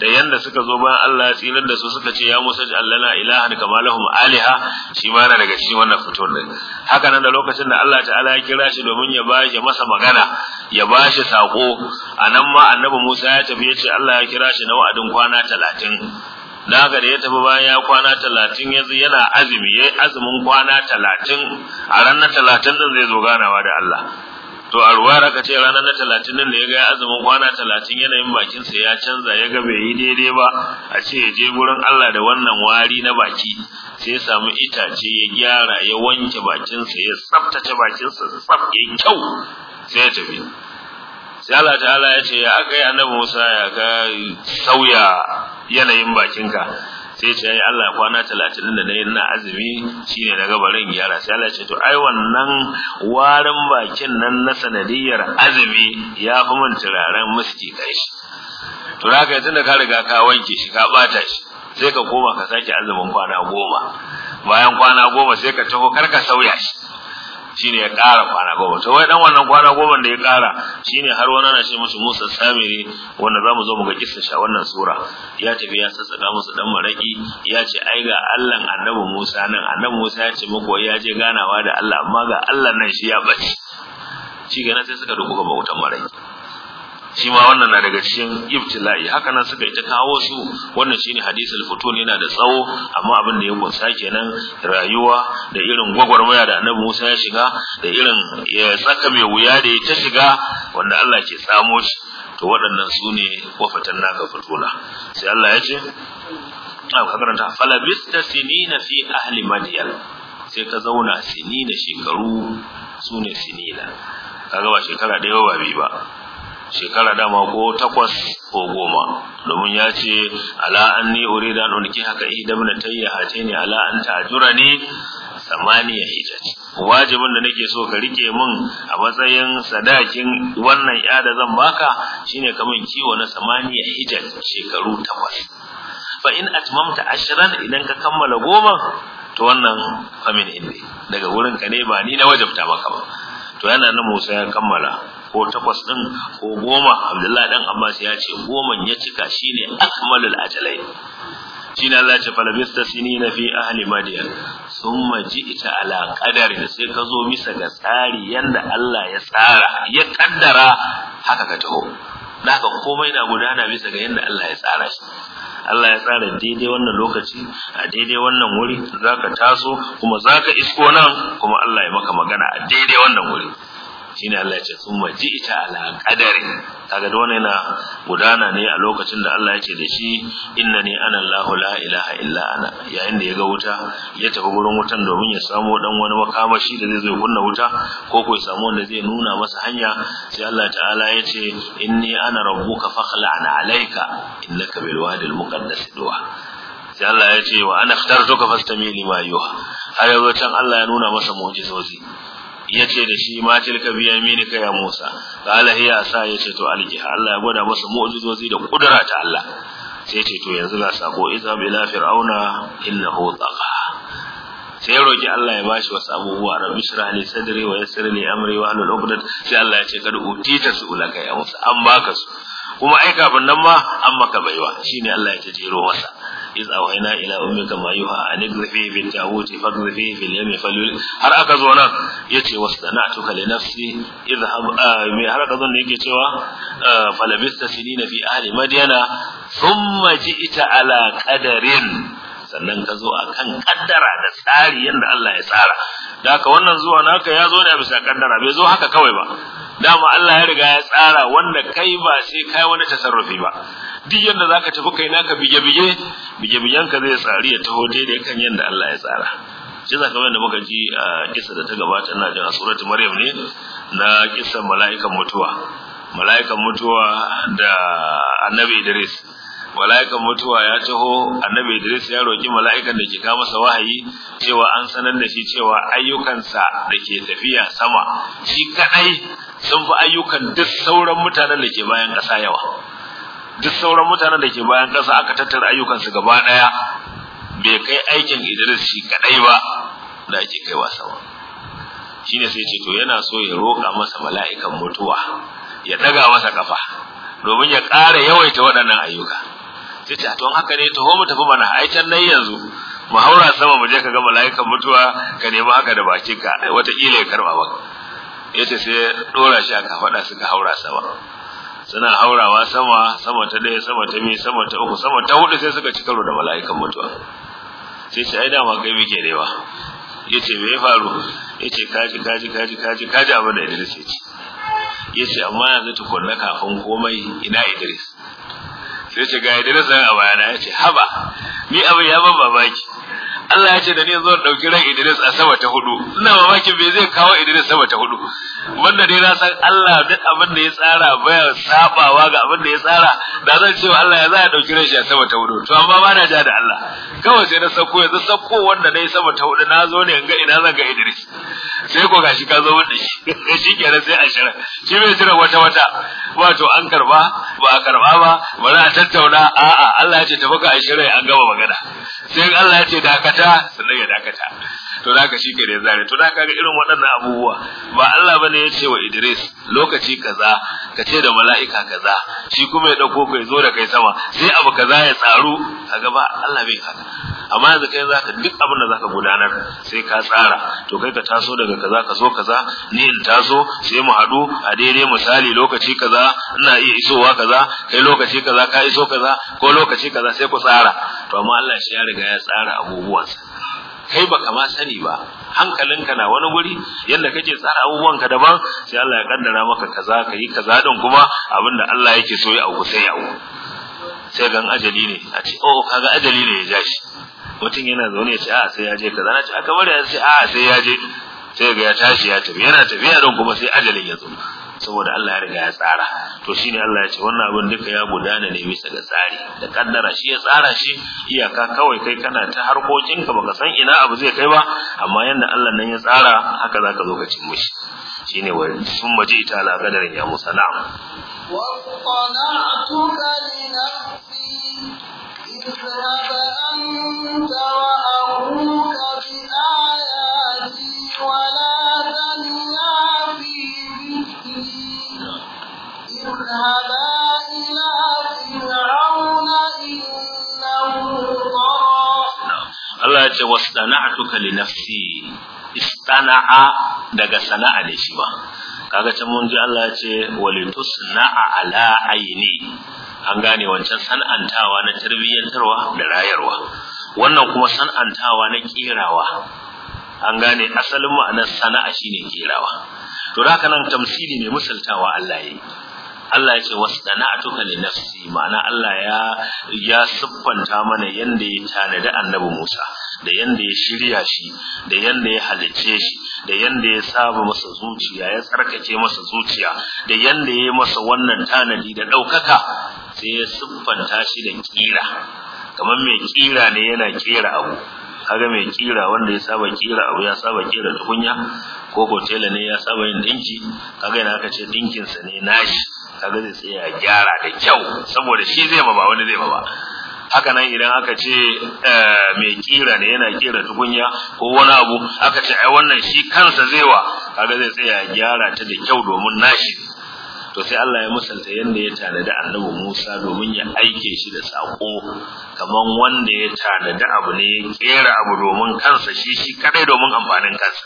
da yanda suka zo bayan Allah ya tsirar da su suka ce ya Musa ji Allah la ilaha kama lahum aliha shi ma na daga cikin wannan fitowar ne haka nan da lokacin da Allah ta'ala ya kira shi domin ya bashi masa magana ya bashi sako anan ma annabi Musa ya tafi ya ce Allah ya kira shi na wa'adin kwana 30 da haka da ya tafi bayan ya kwana talatin ya yana azumi ya azumin kwana talatin a ranar talatin din zai zo ganawa da Allah to a ruwa raka ce ranar na talatin din da ya ga azumin kwana talatin yanayin bakinsa ya canza ya ga bai yi daidai ba a ce ya je gurin Allah da wannan wari na baki sai ya samu itace ya gyara ya wanke bakinsa ya tsaftace bakinsa tsaf ya kyau sai ya tafi sai Allah ta'ala ya ce ya aka annabi Musa ya ga sauya yanayin bakinka sai ce ai Allah kwana 30 da dai ina azumi shine daga barin gyara sai Allah ce to ai wannan warin bakin nan na sanadiyar azumi ya fi mun turaren miski kai shi to zaka yi tunda ka riga ka wanke shi ka bata shi sai ka koma ka sake azumin kwana goma bayan kwana goma sai ka taho kar ka sauya shi shine ya ƙara kwana goma to wai dan wannan kwana goma da ya ƙara shine har wani ana ce musu Musa Samiri wanda zamu zo mu ga kissa sha wannan sura ya tafi ya sassaka musu dan maraki ya ce ai ga Allahn Annabi Musa nan Annabi Musa ya ce muku ya je ganawa da Allah amma ga Allah nan shi ya bace shi nan sai suka duku ga bautan maraki shi ma wannan na daga cikin ibtila'i haka nan suka yi ta kawo su wannan shine hadisul futun yana da tsawo amma abin da ya kunsa kenan rayuwa da irin gwagwarmaya da annabi Musa ya shiga da irin tsaka mai wuya da ya ta shiga wanda Allah ke tsamo shi to waɗannan su ne wafatan naka futuna sai Allah ya ce a karanta falabista sinina fi ahli madyan sai ka zauna sinina shekaru su ne sinina kaga ba shekara da yawa ba bi ba shekara dama ko takwas ko goma domin ya ce ala ni urida an ulki haka ihda a tayya ne ala an samani ya hijaj wajibin da nake so ka rike min a matsayin sadakin wannan ya da zan baka shine kamar kiwo na samaniya hijaj shekaru takwas fa in atmamta ashran idan ka kammala goma to wannan amin indi daga wurin ka ne ba ni na wajabta maka ba to yana nan Musa ya kammala ko takwas ɗin, ko goma Abdullahi dan Abbas ya ce goman ya cika shine akmalul ajalai shine Allah ya ce falabista sinina fi ahli Sun thumma ji'ta ala qadari sai ka zo bisa ga tsari yanda Allah ya tsara ya kaddara haka ka taho Da haka komai na gudana bisa ga yadda Allah ya tsara shi Allah ya tsara daidai wannan lokaci a daidai wannan wuri zaka taso kuma zaka isko nan kuma Allah ya maka magana a daidai wannan wuri shine Allah ya ce summa ita ala kadari kaga da wannan yana gudana ne a lokacin da Allah ya da shi innani ana Allahu la ilaha illa ana yayin da ya ga wuta ya tafi gurin wutan domin ya samu dan wani makamashi da zai zo kunna wuta ko ko ya samu wanda zai nuna masa hanya sai Allah ta'ala ya ce inni ana rabbuka fakhla'na alayka innaka bil al muqaddas du'a sai Allah ya ce wa ana ikhtartuka fastami lima yuha har yau can Allah ya nuna masa mu'jizozi yace da shi ma tilka mini ka ya Musa qala hiya sa yace to aljiha Allah ya gwada masa mu'jizozi da kudura ta Allah sai yace to yanzu ga sako izab ila fir'auna innahu taqa sai ya roki Allah ya bashi wasu abubuwa rabbi shrah li sadri wa yassir li amri wa hal 'uqdat sai Allah ya ce kad utita su ulaka ya Musa an baka su kuma ai kafin nan ma an maka baiwa shine Allah ya ce jero masa iz awhayna ila ummika ma yuha an igrifi bil tawuti fagrifi fil yami falul har aka zo nan yace wasana'tuka li nafsi idhhab mai har aka zo ne yake cewa falabista sinina fi ahli madyana thumma ji'ta ala qadarin sannan ka zo akan kaddara da tsari yanda Allah ya tsara da haka wannan zuwa naka ya zo ne a bisa kaddara bai zo haka kawai ba dama Allah ya riga ya tsara wanda kai ba sai kai wani tasarrufi ba duk za ka tafi kai naka bige bige bige bigen ka zai tsari ya taho daidai kan yanda Allah ya tsara shi ka wanda muka ji a kisa da ta gabata ina jin a surat maryam ne na kissan mala'ikan mutuwa mala'ikan mutuwa da annabi Idris mala'ikan mutuwa ya taho annabi Idris ya roki mala'ikan da ke ka masa wahayi cewa an sanar da shi cewa ayyukansa da ke tafiya sama shi kadai sun fi ayyukan duk sauran mutanen da ke bayan ƙasa yawa duk sauran mutanen da ke bayan ƙasa aka tattara ayyukansu gaba ɗaya bai kai aikin Idris shi kaɗai ba da ake kaiwa sama ne sai ce to yana so ya roƙa masa mala'ikan mutuwa ya ɗaga masa kafa domin ya ƙara yawaita waɗannan ayyuka sai ce to haka ne to mu tafi mana ai can nan yanzu mu haura sama mu je ka ga mala'ikan mutuwa ka nemi haka da bakinka wataƙila ya karɓa maka yace sai ɗora shi aka faɗa suka haura sama suna haurawa sama sama ta daya sama ta biyu sama ta uku sama ta hudu sai suka ci karo da mala'ikan mutuwa sai shi ai ma kai muke rewa yace me ya faru yace kaji kaji kaji kaji kaji abin da Idris yace yace amma yanzu tukunna kafin komai ina Idris sai ce ga Idris nan a bayana yace haba ni abin ya ban babaki Allah ya ce da ni zo in dauki ran Idris a sama ta hudu ina mamakin me zai kawo Idris sama ta hudu wanda dai na san Allah duk abin da ya tsara baya sabawa ga abin da ya tsara da zan cewa Allah ya za ya dauki ran shi a sama ta hudu to amma ba na ja da Allah kawai sai na sako yanzu sako wanda nayi sama ta hudu na zo ne in ga ina zan ga Idris sai ko gashi ka zo wanda shi shi kenan sai a shirin shi bai jira wata wata wato an karba ba a karba ba ba za a tattauna a'a Allah ya ce tafi ka a shirin an gama magana sai Allah ya ce da ka 是啊，是那个那个菜。to zaka shi ke da zare to da ga irin waɗannan abubuwa ba Allah bane ya ce wa Idris lokaci kaza ka ce da mala'ika kaza shi kuma ya dauko kai zo da kai sama sai abu kaza ya tsaro A gaba Allah bai haka amma yanzu kai zaka duk abin da zaka gudanar sai ka tsara to kai ka taso daga kaza ka zo kaza ni in taso sai mu haɗu a daidai misali lokaci kaza ina iya isowa kaza kai lokaci kaza ka iso kaza ko lokaci kaza sai ku tsara to amma Allah shi ya riga ya tsara abubuwansa kai baka ma sani ba hankalinka na wani guri yanda kake tsara abubuwan ka daban sai Allah ya kaddara maka kaza ka yi kaza don kuma abinda Allah yake so ya auku sai ya auku sai gan ajali ne a ce oh kaga ajali ne ya ja shi mutum yana zaune ya ce a ah, sai ya je kaza na ce aka bari ya ce a ah, sai ya je sai ga ya tashi ya tafi yana tafiya don kuma sai ajalin ya zo saboda Allah ya riga ya tsara to shine Allah ya ce wannan abin duka ya gudana ne bisa ga tsari da kaddara shi ya tsara shi iyaka kawai kai kana ta harkokinka baka san ina abu zai kai ba amma yanda Allah nan ya tsara haka zaka zo ka cin mushi shine wa sun maji ita la kadarin ya musa na'am wa qana'tuka li nafsi Allah ya ce wasana'tuka li nafsi istana'a daga sana'a ne shi ba kaga can mun ji Allah ya ce walitusna'a ala aini an gane wancan san'antawa na tarbiyyantarwa da rayarwa wannan kuma san'antawa na kirawa an gane asalin ma'anar sana'a shine kirawa to da nan tamsili ne misaltawa Allah yi Allah ya ce wasana'tuka li nafsi ma'ana Allah ya ya siffanta mana yanda ya tanadi annabi Musa da yanda ya shirya shi da yanda ya halicce shi da yanda ya saba masa zuciya ya tsarkake masa zuciya da yanda ya yi masa wannan tanadi da ɗaukaka sai ya siffanta shi da kira kamar mai kira ne yana kera abu kaga mai kira wanda ya saba kira abu ya saba kira tukunya ko ko tela ne ya saba yin dinki kaga yana aka ce dinkin sa ne nashi kaga zai tsaya gyara da kyau saboda shi zai ma ba wani zai ma ba haka nan idan aka ce eh, mai kira ne yana kira tukunya ko wani abu aka ce ai wannan shi kansa zai wa kaga zai tsaya gyara ta da kyau domin nashi to sai Allah ya musanta yanda ya tanada Annabi Musa domin ya aike shi da sako kaman wanda ya tanada abu ne ya kera abu domin kansa shi shi kadai domin amfanin kansa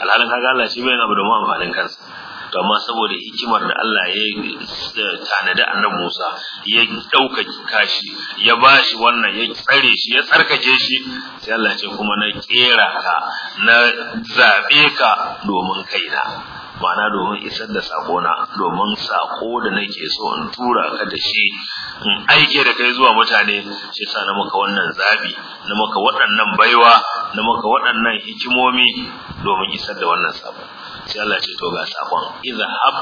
alhalin kaga Allah shi bai abu domin amfanin kansa amma saboda hikimar da Allah ya eh, tanada annabi Musa ya dauka kashi ya bashi wannan ya tsare shi ya tsarkake shi sai Allah ce kuma na kera ka na zabe ka domin na. ma'ana domin isar da sako na, domin sako da nake so in tura ka da shi in aike da kai zuwa mutane shi sa na maka wannan zabi na maka waɗannan baiwa na maka waɗannan hikimomi domin isar da wannan sako sai Allah ce to ga sakon izhab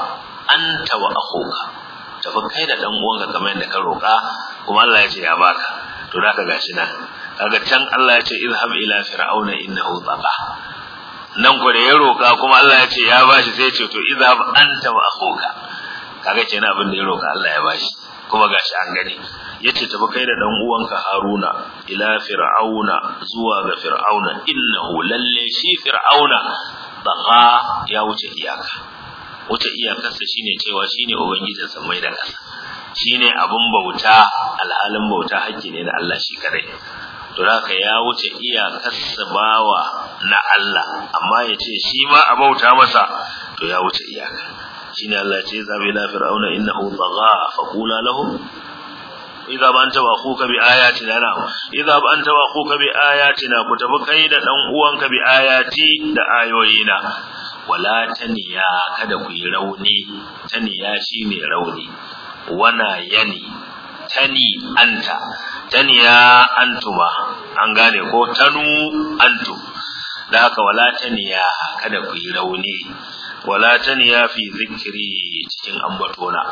anta wa akhuka tafi kai da dan uwanka kamar yadda ka roka kuma Allah ya ce ya baka to da ka gashi nan kaga can Allah ya ce izhab ila fir'auna innahu tagha nan ko da ya roka kuma Allah ya ce ya bashi sai ya ce to izhab anta wa akhuka kaga ce abin da ya roka Allah ya bashi kuma gashi an gani yace tafi kai da dan uwanka Haruna ila fir'auna zuwa ga fir'auna innahu lalle shi fir'auna bagha ya wuce iyaka wuce iyakarsa shine cewa shine ubangijin samai da ƙasa shine abin bauta alhalin bauta hakki ne na Allah shi kadai to ka ya wuce iyakarsa bawa na Allah amma ya ce shi ma a bauta masa to ya wuce iyaka shine Allah ya ce la fir'auna innahu bagha faqula lahu idza ba anta wa akhuka bi ayatina na idza ba anta wa akhuka bi ayatina ku tafi kai da dan uwanka bi ayati da ayoyina wala taniya kada ku yi rauni taniya shine rauni wana yani tani anta taniya antuma an gane ko tanu Antu. da haka wala taniya kada ku yi rauni wala taniya fi zikri cikin ambatona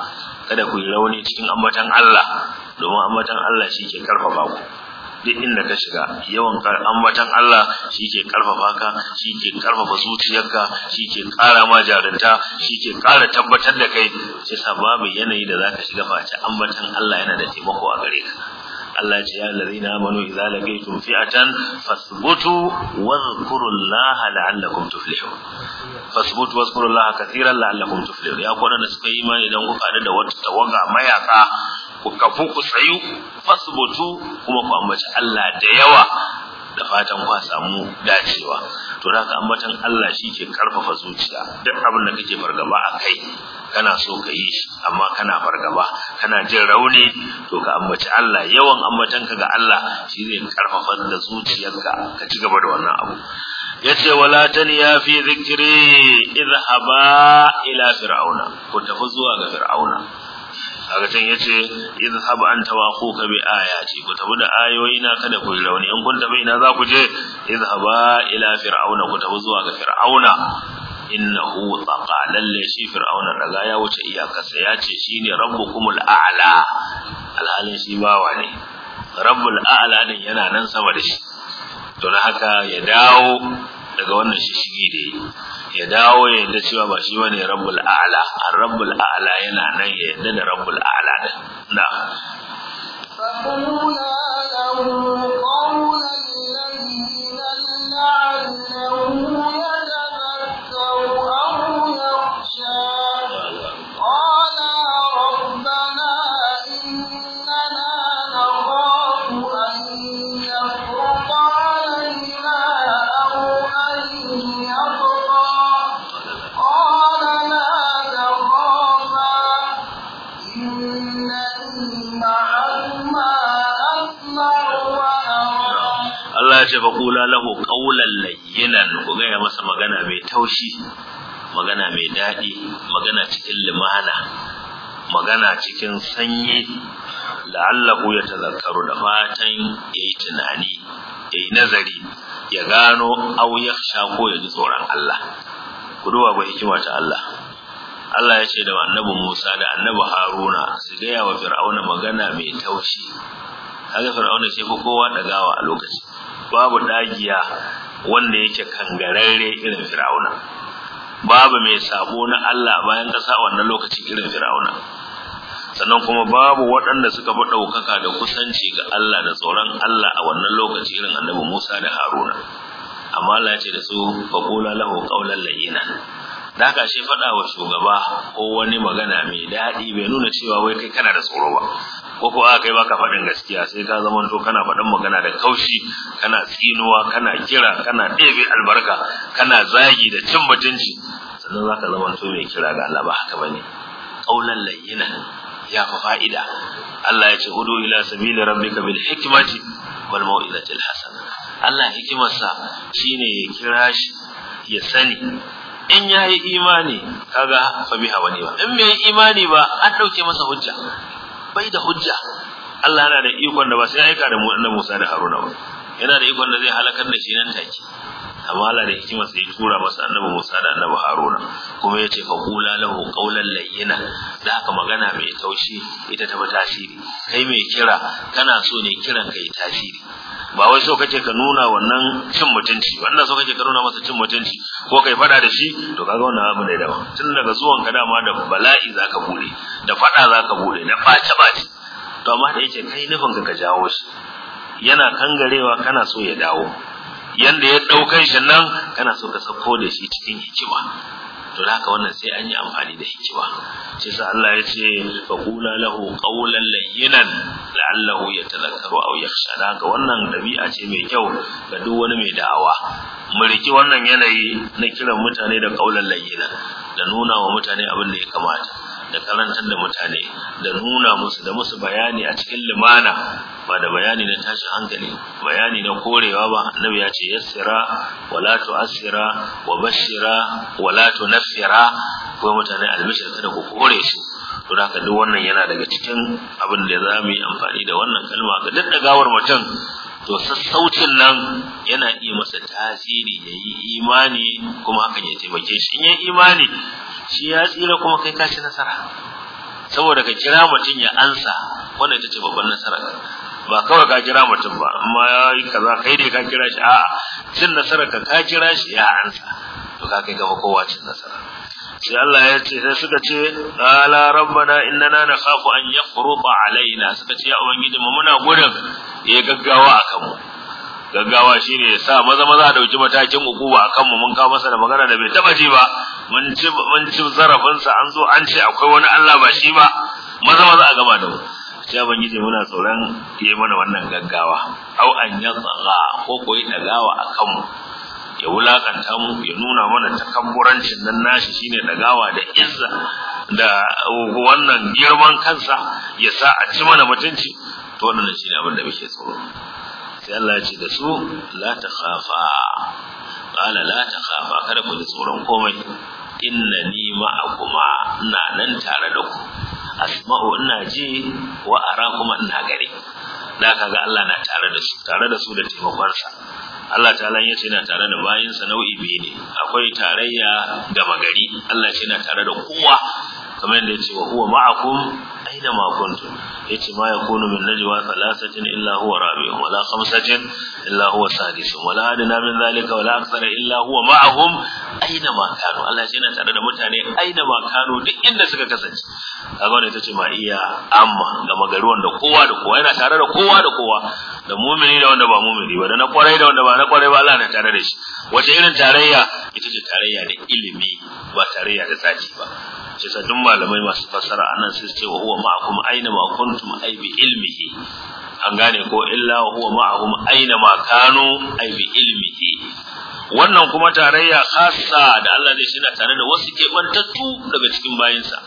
kada ku yi rauni cikin ambatan Allah domin ambatan Allah shi ke karfafa ku duk inda ka shiga yawan ambatan Allah shi ke karfafa ka shi ke karfafa zuciyarka shi ke ƙara ma jarinta shi ke ƙara tabbatar da kai sai babu yanayi da zaka shiga face ambatan Allah yana da taimako a gare ka Allah ce ya allazina amanu idza laqaytum fi'atan fasbutu wadhkurullaha la'allakum tuflihun fasbutu wadhkurullaha katiran la'allakum tuflihun ya kwana suka yi imani dan kuka kada da wata tawaga mayaka ku kafu ku sayu fasbutu kuma ku ambaci Allah da yawa da fatan ku samu dacewa to da ka ambatan Allah shi ke karfafa zuciya duk abin da kake fargaba a kai kana so ka yi shi amma kana fargaba kana jin rauni to ka ambaci Allah yawan ka ga Allah shi zai karfafa da zuciyarka ka ci gaba da wannan abu yace wala taniya fi zikri idhaba ila fir'auna ku tafi zuwa ga fir'auna kaga yace izhab anta wa ka bi ayati ku tafi da ayoyi na kada ku rauni in kun tafi ina za ku je izhaba ila fir'auna ku tafi zuwa ga fir'auna innahu taqa lalle shi fir'auna daga ya wuce iyakarsa ya ce shine rabbukumul a'la alhalin shi bawa ne rabbul a'la din yana nan sama da shi to haka ya dawo daga wannan shishigi da yi ya dawo ya yadda cewa ba shi bane rabbul a'la rabbul a'la yana nan ya yadda da rabbul a'la din na قولا لينا لعله يرجع ce fa kula lahu qawlan layyinan ku ga masa magana mai taushi magana mai daɗi magana cikin limana magana cikin sanyi la'allahu ya tazakkaru da fatan yayi tunani yayi nazari ya gano aw yakhsha ko ya ji tsoron Allah ku duba ga hikima ta Allah Allah ya ce da annabi Musa da annabi Haruna su gaya wa Fir'auna magana mai taushi kaga Fir'auna sai kowa dagawa a lokaci. babu dagiya wanda yake kangararre irin fir'auna babu mai sabo na Allah bayan kasa wannan lokacin irin fir'auna sannan kuma babu waɗanda suka fi ɗaukaka da kusanci ga Allah da tsoron Allah a wannan lokaci irin annabi Musa da Haruna amma Allah ce da su faqula lahu qawlan layyina da haka shi faɗa wa shugaba ko wani magana mai daɗi bai nuna cewa wai kai kana da tsoro ba ko ko a kai baka faɗin gaskiya sai ka zama to kana faɗin magana da kaushi kana tsinuwa kana kira kana ɗebe albarka kana zagi da cin mutunci sannan zaka zama to mai kira ga Allah ba haka bane qaulan layyina ya fa fa'ida Allah ya ce udu ila sabili rabbika bil hikmati wal mau'izati al hasana Allah hikimarsa shine ya kira shi ya sani in yayi imani kaga fa biha wani ba in bai yi imani ba an dauke masa hujja bai da hujja Allah yana da ikon da ba sai aika da Musa da Haruna ba yana da ikon da zai halakar da shi nan take amma da hikima sai tura masa annabi Musa da annabi Haruna kuma yace fa qula lahu qawlan layyina da haka magana mai taushi ita ta tasiri kai mai kira kana so ne kiran kai tasiri ba wai so kake ka nuna wannan cin mutunci wannan so kake ka nuna masa cin mutunci ko kai fada da shi to kaga wannan abu ne daban tun daga zuwan ka dama da bala'i zaka bude da fada zaka bude da bace bace to amma da yake kai nufin ka ka jawo shi yana kangarewa kana so ya dawo yanda ya daukan shi nan kana so ka sako da shi cikin hikima to haka wannan sai an yi amfani da hikima sai sa Allah ya ce fa qula lahu qawlan layyinan la'allahu yatadhakkaru aw yakhsha haka wannan dabi'a ce mai kyau ga duk wani mai da'awa mu riki wannan yanayi na kiran mutane da qawlan layyinan da nuna wa mutane abin da ya kamata da karantar da mutane da nuna musu da musu bayani a cikin limana ba da bayani na tashi hankali bayani na korewa ba annabi ya ce yassira wala tu'assira wa bashira wala tunaffira ko mutane albishir kada ku kore su to haka duk wannan yana daga cikin abin da za mu yi amfani da wannan kalma ga gawar mutum to sassaucin nan yana iya masa tasiri ya yi imani kuma hakan ya taimake shi in yi imani shi ya tsira kuma kai ka ci nasara saboda ka kira mutum ya ansa wannan ita ce babban nasara ba kawai ka kira mutum ba amma ya yi kaza kai ne ka kira shi a'a cin nasara ka ka kira shi ya ansa to ka kai gaba kowa cin nasara sai Allah ya ce sai suka ce ala rabbana innana nakhafu an yafruta alaina suka ce ya ubangiji mu muna gurin ya gaggawa akan mu gaggawa shine ya sa maza maza dauki matakin hukuma akan mu mun kawo masa da magana da bai taba ji ba mun ci zarafinsa an zo an ce akwai wani Allah ba shi ba maza maza a gaba da mu sai ban yi muna tsoron yi mana wannan gaggawa au an yatsaga ko koyi dagawa a kanmu ya wulakanta mu ya nuna mana takabburancin nan nashi shine dagawa da izza da wannan girman kansa ya sa a ci mana mutunci to wannan shine abin da muke tsoro sai Allah ya ce da su la takhafa qala la kada ku ji tsoron komai inna ni ma'akuma ina nan tare da ku asma'u ina ji wa ara kuma ina gari da kaga Allah na tare da su tare da su da taimakon sa Allah ta'ala yace yana tare da bayin sa nau'i biyu ne akwai tarayya gama gari Allah shi yana tare da kowa kamar yadda yace wa huwa ma'akum aina ma kuntum yace ma yakunu min najwa thalathatin illa huwa rabi'un wa la khamsatin illa huwa sadisun wa la adna min dhalika wa la akthara illa huwa ma'ahum aina ma kanu Allah shi yana tare da mutane aina ma kanu duk inda suka kasance kaga wannan tace ma iya amma ga magaruwan da kowa da kowa yana tare da kowa da kowa da mu'mini da wanda ba mu'mini ba da na kwarai da wanda ba na kwarai ba Allah na tare da shi wace irin tarayya ita ce tarayya da ilimi ba tarayya da zaki ba shi sa malamai masu fasara anan sai ce wa huwa ma'akum aina ma kuntum ay bi ilmihi an gane ko illa wa huwa ma'ahum aina ma kanu ay bi ilmihi wannan kuma tarayya khassa da Allah ne shi na tare da wasu ke bantattu daga cikin bayinsa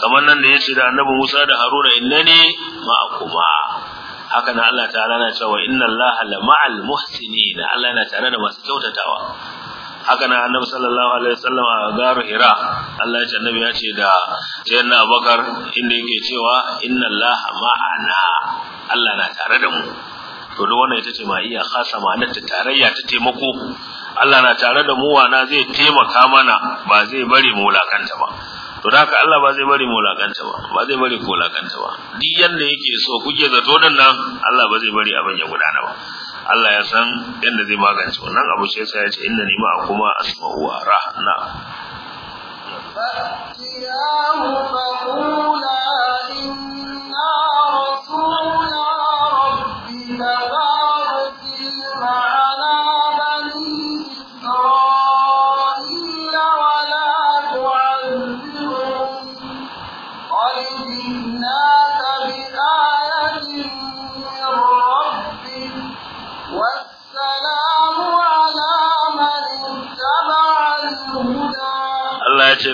kamar nan da yace da Annabi Musa da Haruna innani ma'akuma haka nan Allah ta'ala na cewa inna Allah la ma'al muhsinin Allah na tare da masu kyautatawa haka nan annabi sallallahu alaihi wasallam a garu hira Allah ya ce annabi ya ce da sayyidina abubakar inda yake cewa inna allah ma'ana Allah na tare da mu to duk wannan ita ce ma iya khasa ma'anar ta tarayya ta taimako Allah na tare da mu wana zai taimaka mana ba zai bari mu wulakanta ba to da haka Allah ba zai bari mu wulakanta ba ba zai bari ku wulakanta ba duk yanda yake so kuke zato nan Allah ba zai bari abin ya gudana ba Allah ya san yadda zai magance wannan abu sai sai ya ce inna ni ma kuma asma'u wa ra'na fa'tiyahu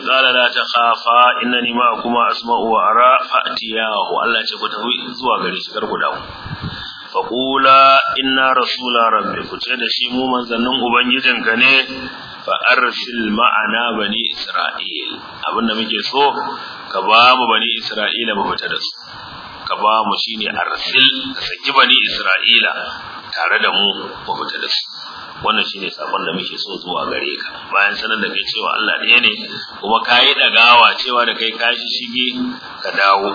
idh qala la takhafa innani kuma asma'u wa ara fa'tiyahu Allah ce ku tafi zuwa gare shi ku dawo faƙula ina rasula rabbi ku ce da shi mu manzannin ubangijinka ne fa arsil ma'ana bani isra'il abinda muke so ka ba mu bani isra'ila mu fita da su ka ba mu shine ka saki bani isra'ila tare da mu mu fita wannan shi ne sakon da muke so zuwa gare ka bayan sanar da kai cewa Allah ɗaya ne kuma ka yi ɗagawa cewa da kai kashi shige ka dawo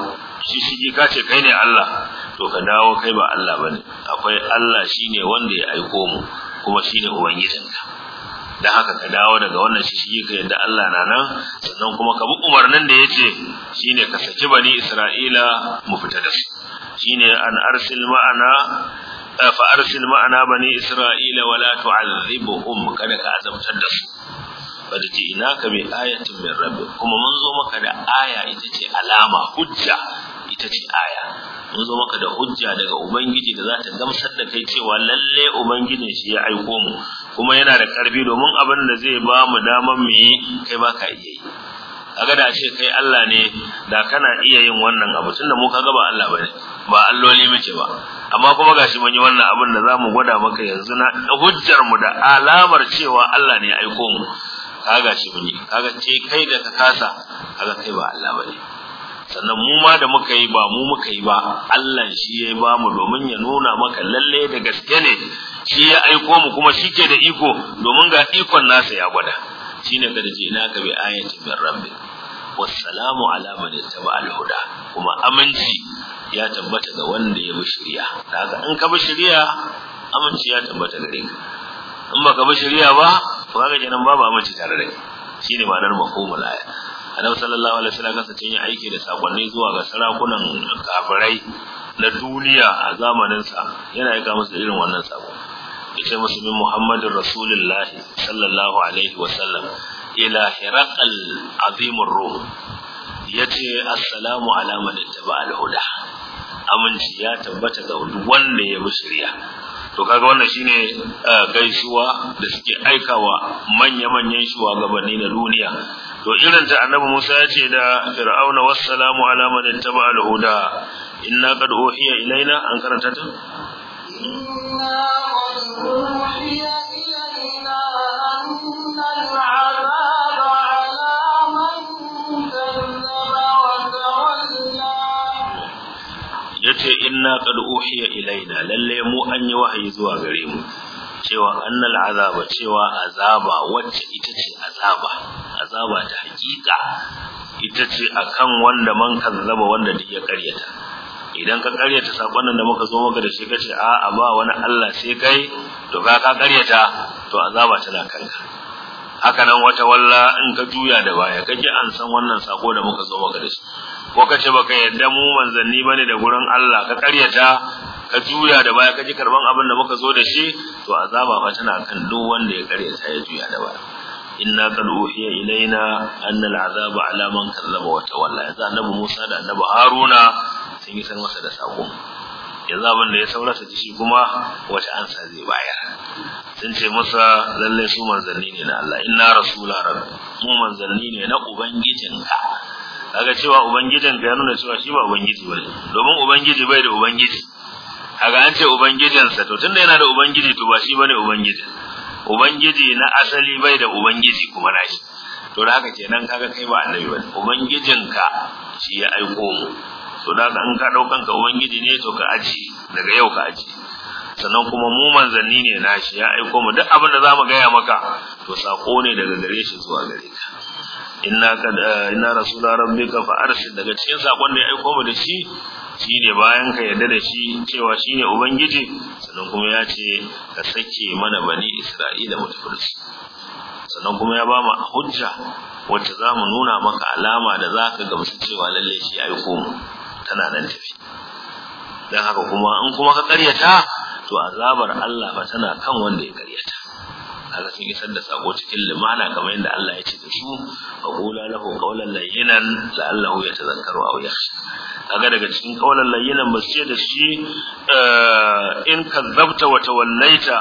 shi shige ka ce kai ne Allah to ka dawo kai ba Allah bane akwai Allah shi ne wanda ya aiko mu kuma shi ne ubangijinka da haka ka dawo daga wannan shi shige ka yadda Allah na nan sannan kuma ka bi umarnin da ya yace ne ka saki bani Isra'ila mu fita da su Shi ne an arsil ma'ana fa arsil ma'ana bani isra'ila wa la tu'adhibuhum kada ka azabtar da su ina ka bi ayatin min rabbik kuma mun zo maka da aya ita ce alama hujja ita ce aya mun zo maka da hujja daga ubangiji da za ta gamsar da kai cewa lalle ubangijin shi ya aiko mu kuma yana da karfi domin abin da zai ba mu damar mu yi kai ba iya yi kaga da ce kai Allah ne da kana iya yin wannan abu tunda mu kaga ba Allah bane ba alloli muke ba amma kuma gashi mun yi wannan abin da zamu gwada maka yanzu na hujjar mu da alamar cewa Allah ne ya aiko mu kaga shi mun yi kaga ce kai da ka kasa kaga kai ba Allah bane sannan mu ma da muka yi ba mu muka yi ba Allah shi ya ba mu domin ya nuna maka lalle da gaske ne shi ya aiko mu kuma shi ke da iko domin ga ikon nasa ya gwada shine kada ce ina ka bi ayatin min wassalamu ala man ittaba al-huda kuma aminci ya tabbata ga wanda ya bi shari'a kaga in ka bi aminci ya tabbata gare ka in baka bi shiriya ba to kaga kenan babu aminci tare da kai shine ma'anar mafhumul aya annabi sallallahu alaihi wasallam kansa cinye aiki da sakonni zuwa ga sarakunan kafirai na duniya a zamanin sa yana aika musu irin wannan sako yace musulmin Muhammadu muhammadin rasulullahi sallallahu alaihi wasallam ila hiraqal azimur ruh yace assalamu ala ittaba al-huda aminci ya tabbata ga wanda ya bi shirya. to kaga wannan shine gaisuwa da suke aikawa manya-manyan shugabanni na duniya to irin ta annabi Musa ya ce da Fir'auna wassalamu ala man ittaba al-huda inna qad uhiya ilaina an karanta ta inna qad uhiya ilaina inna qad uhiya ilaina lalle mu an yi wahayi zuwa gare mu cewa annal azaba cewa azaba wacce ita ce azaba azaba ta hakika ita ce akan wanda man kazzaba wanda duk ya karyata idan ka karyata sabon da muka zo maka da shi kace a a ba wani Allah sai kai to ka ka karyata to azaba tana kanka haka nan wata walla in ka juya da baya kake an san wannan sako da muka zo maka da shi ko kace baka yadda mu manzanni bane da gurin Allah ka karyata ka juya da baya ka ji karban abin da muka zo da shi to azaba ba tana kan duk wanda ya karyata ya juya da baya inna qad uhiya ilaina anna al'azaba ala man kallaba wa tawalla yanzu annabi Musa da annabi Haruna sun yi san masa da sako yanzu abin da ya saurasa ji shi kuma wata ansa zai bayar sun ce masa lalle su manzanni ne na Allah inna rasula mu manzanni ne na ubangijinka kaga cewa ubangijin ya nuna cewa shi ba ubangiji bane domin ubangiji bai da ubangiji kaga an ce ubangijinsa to tunda yana da ubangiji to ba shi bane ubangiji ubangiji na asali bai da ubangiji kuma nashi to da haka kenan kaga kai ba annabi bane ubangijinka shi ya aiko mu to da haka in ka daukan ka ubangiji ne to ka aji daga yau ka aji sannan kuma mu manzanni ne nashi ya aiko mu duk abin da zamu gaya maka to sako ne daga gare shi zuwa gare ka inna kad eh, inna rasula rabbika fa arsil daga cikin sakon da ya aika mu da shi shine bayan ka yarda da shi cewa shine ubangiji sannan kuma ya ce ka sake mana bani isra'ila mutafirci sannan kuma ya ba mu hujja wacce za mu nuna maka alama da za ka gamsu cewa lalle shi ya aiko mu tana nan tafi dan haka kuma in kuma ka karyata to azabar Allah fa tana kan wanda ya karyata kaga sun isar da sako cikin limana kamar yadda Allah ya ce da su wa qula lahu qawlan layyinan la'allahu yatadhakkaru a wuya. kaga daga cikin qawlan layyinan ba ce da shi eh, in zabta wa tawallaita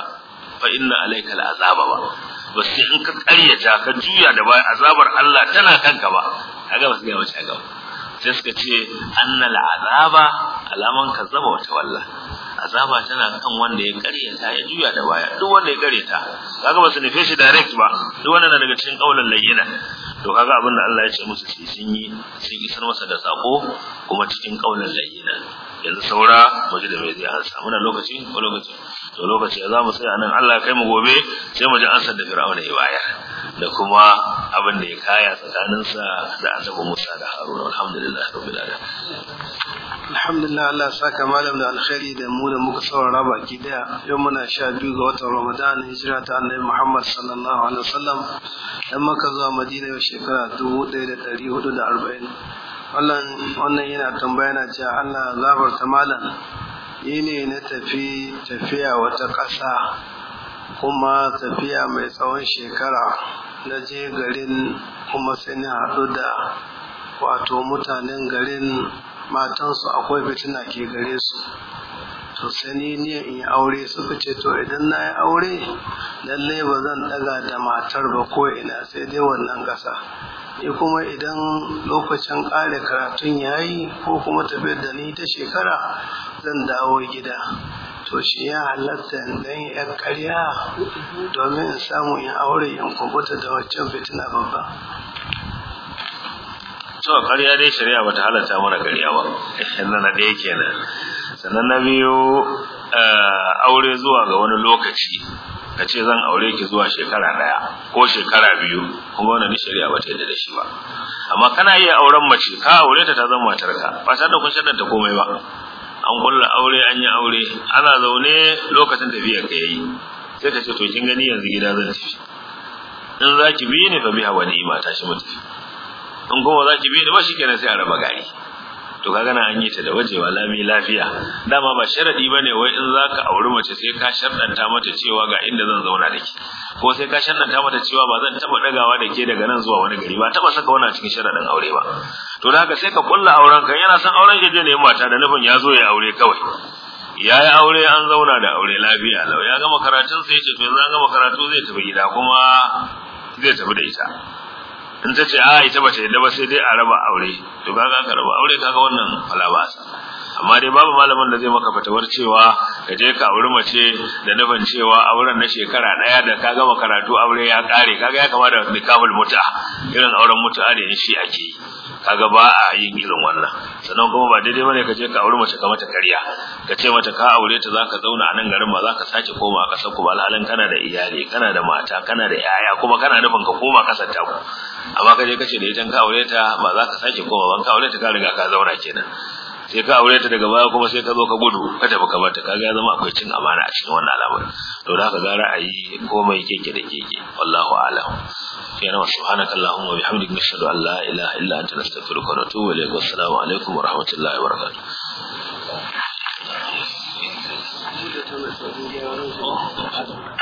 fa inna alaika al'azaba ba ba sai in ka karyata ka juya da baya azabar Allah tana kanka ba kaga ba su ga wace gaba sai suka ce annal azaba alaman kazzaba wata walla azaba tana kan wanda ya karyata ya juya da baya duk wanda ya karyata kaga ba su nufe shi direct ba duk wanda na daga cikin kaulan layyina to kaga abinda Allah ya ce musu shi sun yi sun isar masa da sako kuma cikin kaulan layyina yanzu saura mu ji da mai zai ansa muna lokaci ko lokaci to lokaci za mu sai anan Allah kai mu gobe sai mu ji ansa da Fir'auna ya bayar da kuma abin da ya kaya tsakaninsa da annabi Musa da Haruna alhamdulillah rabbil alamin alhamdulillah Allah saka malam da alkhairi da mu da muka saurara baki daya yau muna sha biyu ga watan ramadan hijira ta annabi muhammad sallallahu alaihi wasallam dan maka zuwa madina yau shekara dubu ɗaya da wannan yana tambaya na cewa Allah ta malam yene ne na tafi tafiya wata ƙasa kuma tafiya mai tsawon shekara na je garin kuma sai ni haɗu da wato mutanen garin matansu akwai fitina ke gare su to sai ni ne in yi aure suka ce to idan na yi aure lallai ba zan daga da matar ba ko ina sai dai wannan ƙasa ni kuma idan lokacin kare karatun ya yi ko kuma tafiyar da ni ta shekara zan dawo gida to shi ya halatta in dan yi yan ƙarya domin in samu in aure in kubuta da waccan fitina babba to ƙarya dai shari'a bata halarta mana ƙarya ba sannan na ɗaya kenan sannan na biyu eh, aure zuwa ga wani lokaci ka ce zan aure ki zuwa shekara ɗaya ko shekara biyu kuma wannan ni shari'a bata yadda da shi ba amma kana iya auren mace ka aure ta ta zama matarka ba ta da kun ta komai ba an kulla aure an yi aure ana zaune lokacin tafiyar ka yayi sai ka ce to kin gani yanzu gida zan tafi in za ki bi ne fa biya wani ima tashi mu tafi in kuma za ki bi da ba kenan sai a raba gari to kaga na an yi ta da wajewa lami lafiya dama ba sharadi bane wai in zaka auri mace sai ka sharɗanta mata cewa ga inda zan zauna da ke ko sai ka sharɗanta mata cewa ba zan taba ɗagawa da ke daga nan zuwa wani gari ba taba saka wani cikin sharaɗin aure ba to da haka sai ka kulla auren ka yana son auren ya je ne mata da nufin ya zo ya aure kawai ya yi aure an zauna da aure lafiya lau ya gama karatun sai ya ce to yanzu an gama karatu zai tafi gida kuma zai tafi da ita in ta ce a ita ba ta yadda ba sai dai a raba aure to ga ka raba aure kaga wannan fala amma dai babu malamin da zai maka fatawar cewa ka je ka auri mace da nufin cewa auren na shekara daya da ka gama karatu aure ya kare kaga ya kama da nikahul muta irin auren muta ne in shi ake yi kaga ba a yin irin wannan sannan kuma ba daidai bane ka je ka aure mace ka mata kariya kace mata ka aure ta zaka zauna a nan garin ma zaka sace koma kasar ku ba alalan kana da iyali kana da mata kana da yaya kuma kana nufin ka koma kasar ta ku amma ka kace ka ce da ita ka aure ta ba zaka sace koma ban ka aure ta ka riga ka zauna kenan sai ka aure ta daga baya kuma sai ka zo ka gudu ka tafi kamar ta kaga ya zama akwai cin amana a cikin wannan alamar to da haka gara a yi komai keke da keke wallahu a'lam yana wa subhanaka allahumma wa bihamdika nashhadu an la ilaha illa anta nastaghfiruka wa natubu ilayka assalamu alaikum wa rahmatullahi wa barakatuh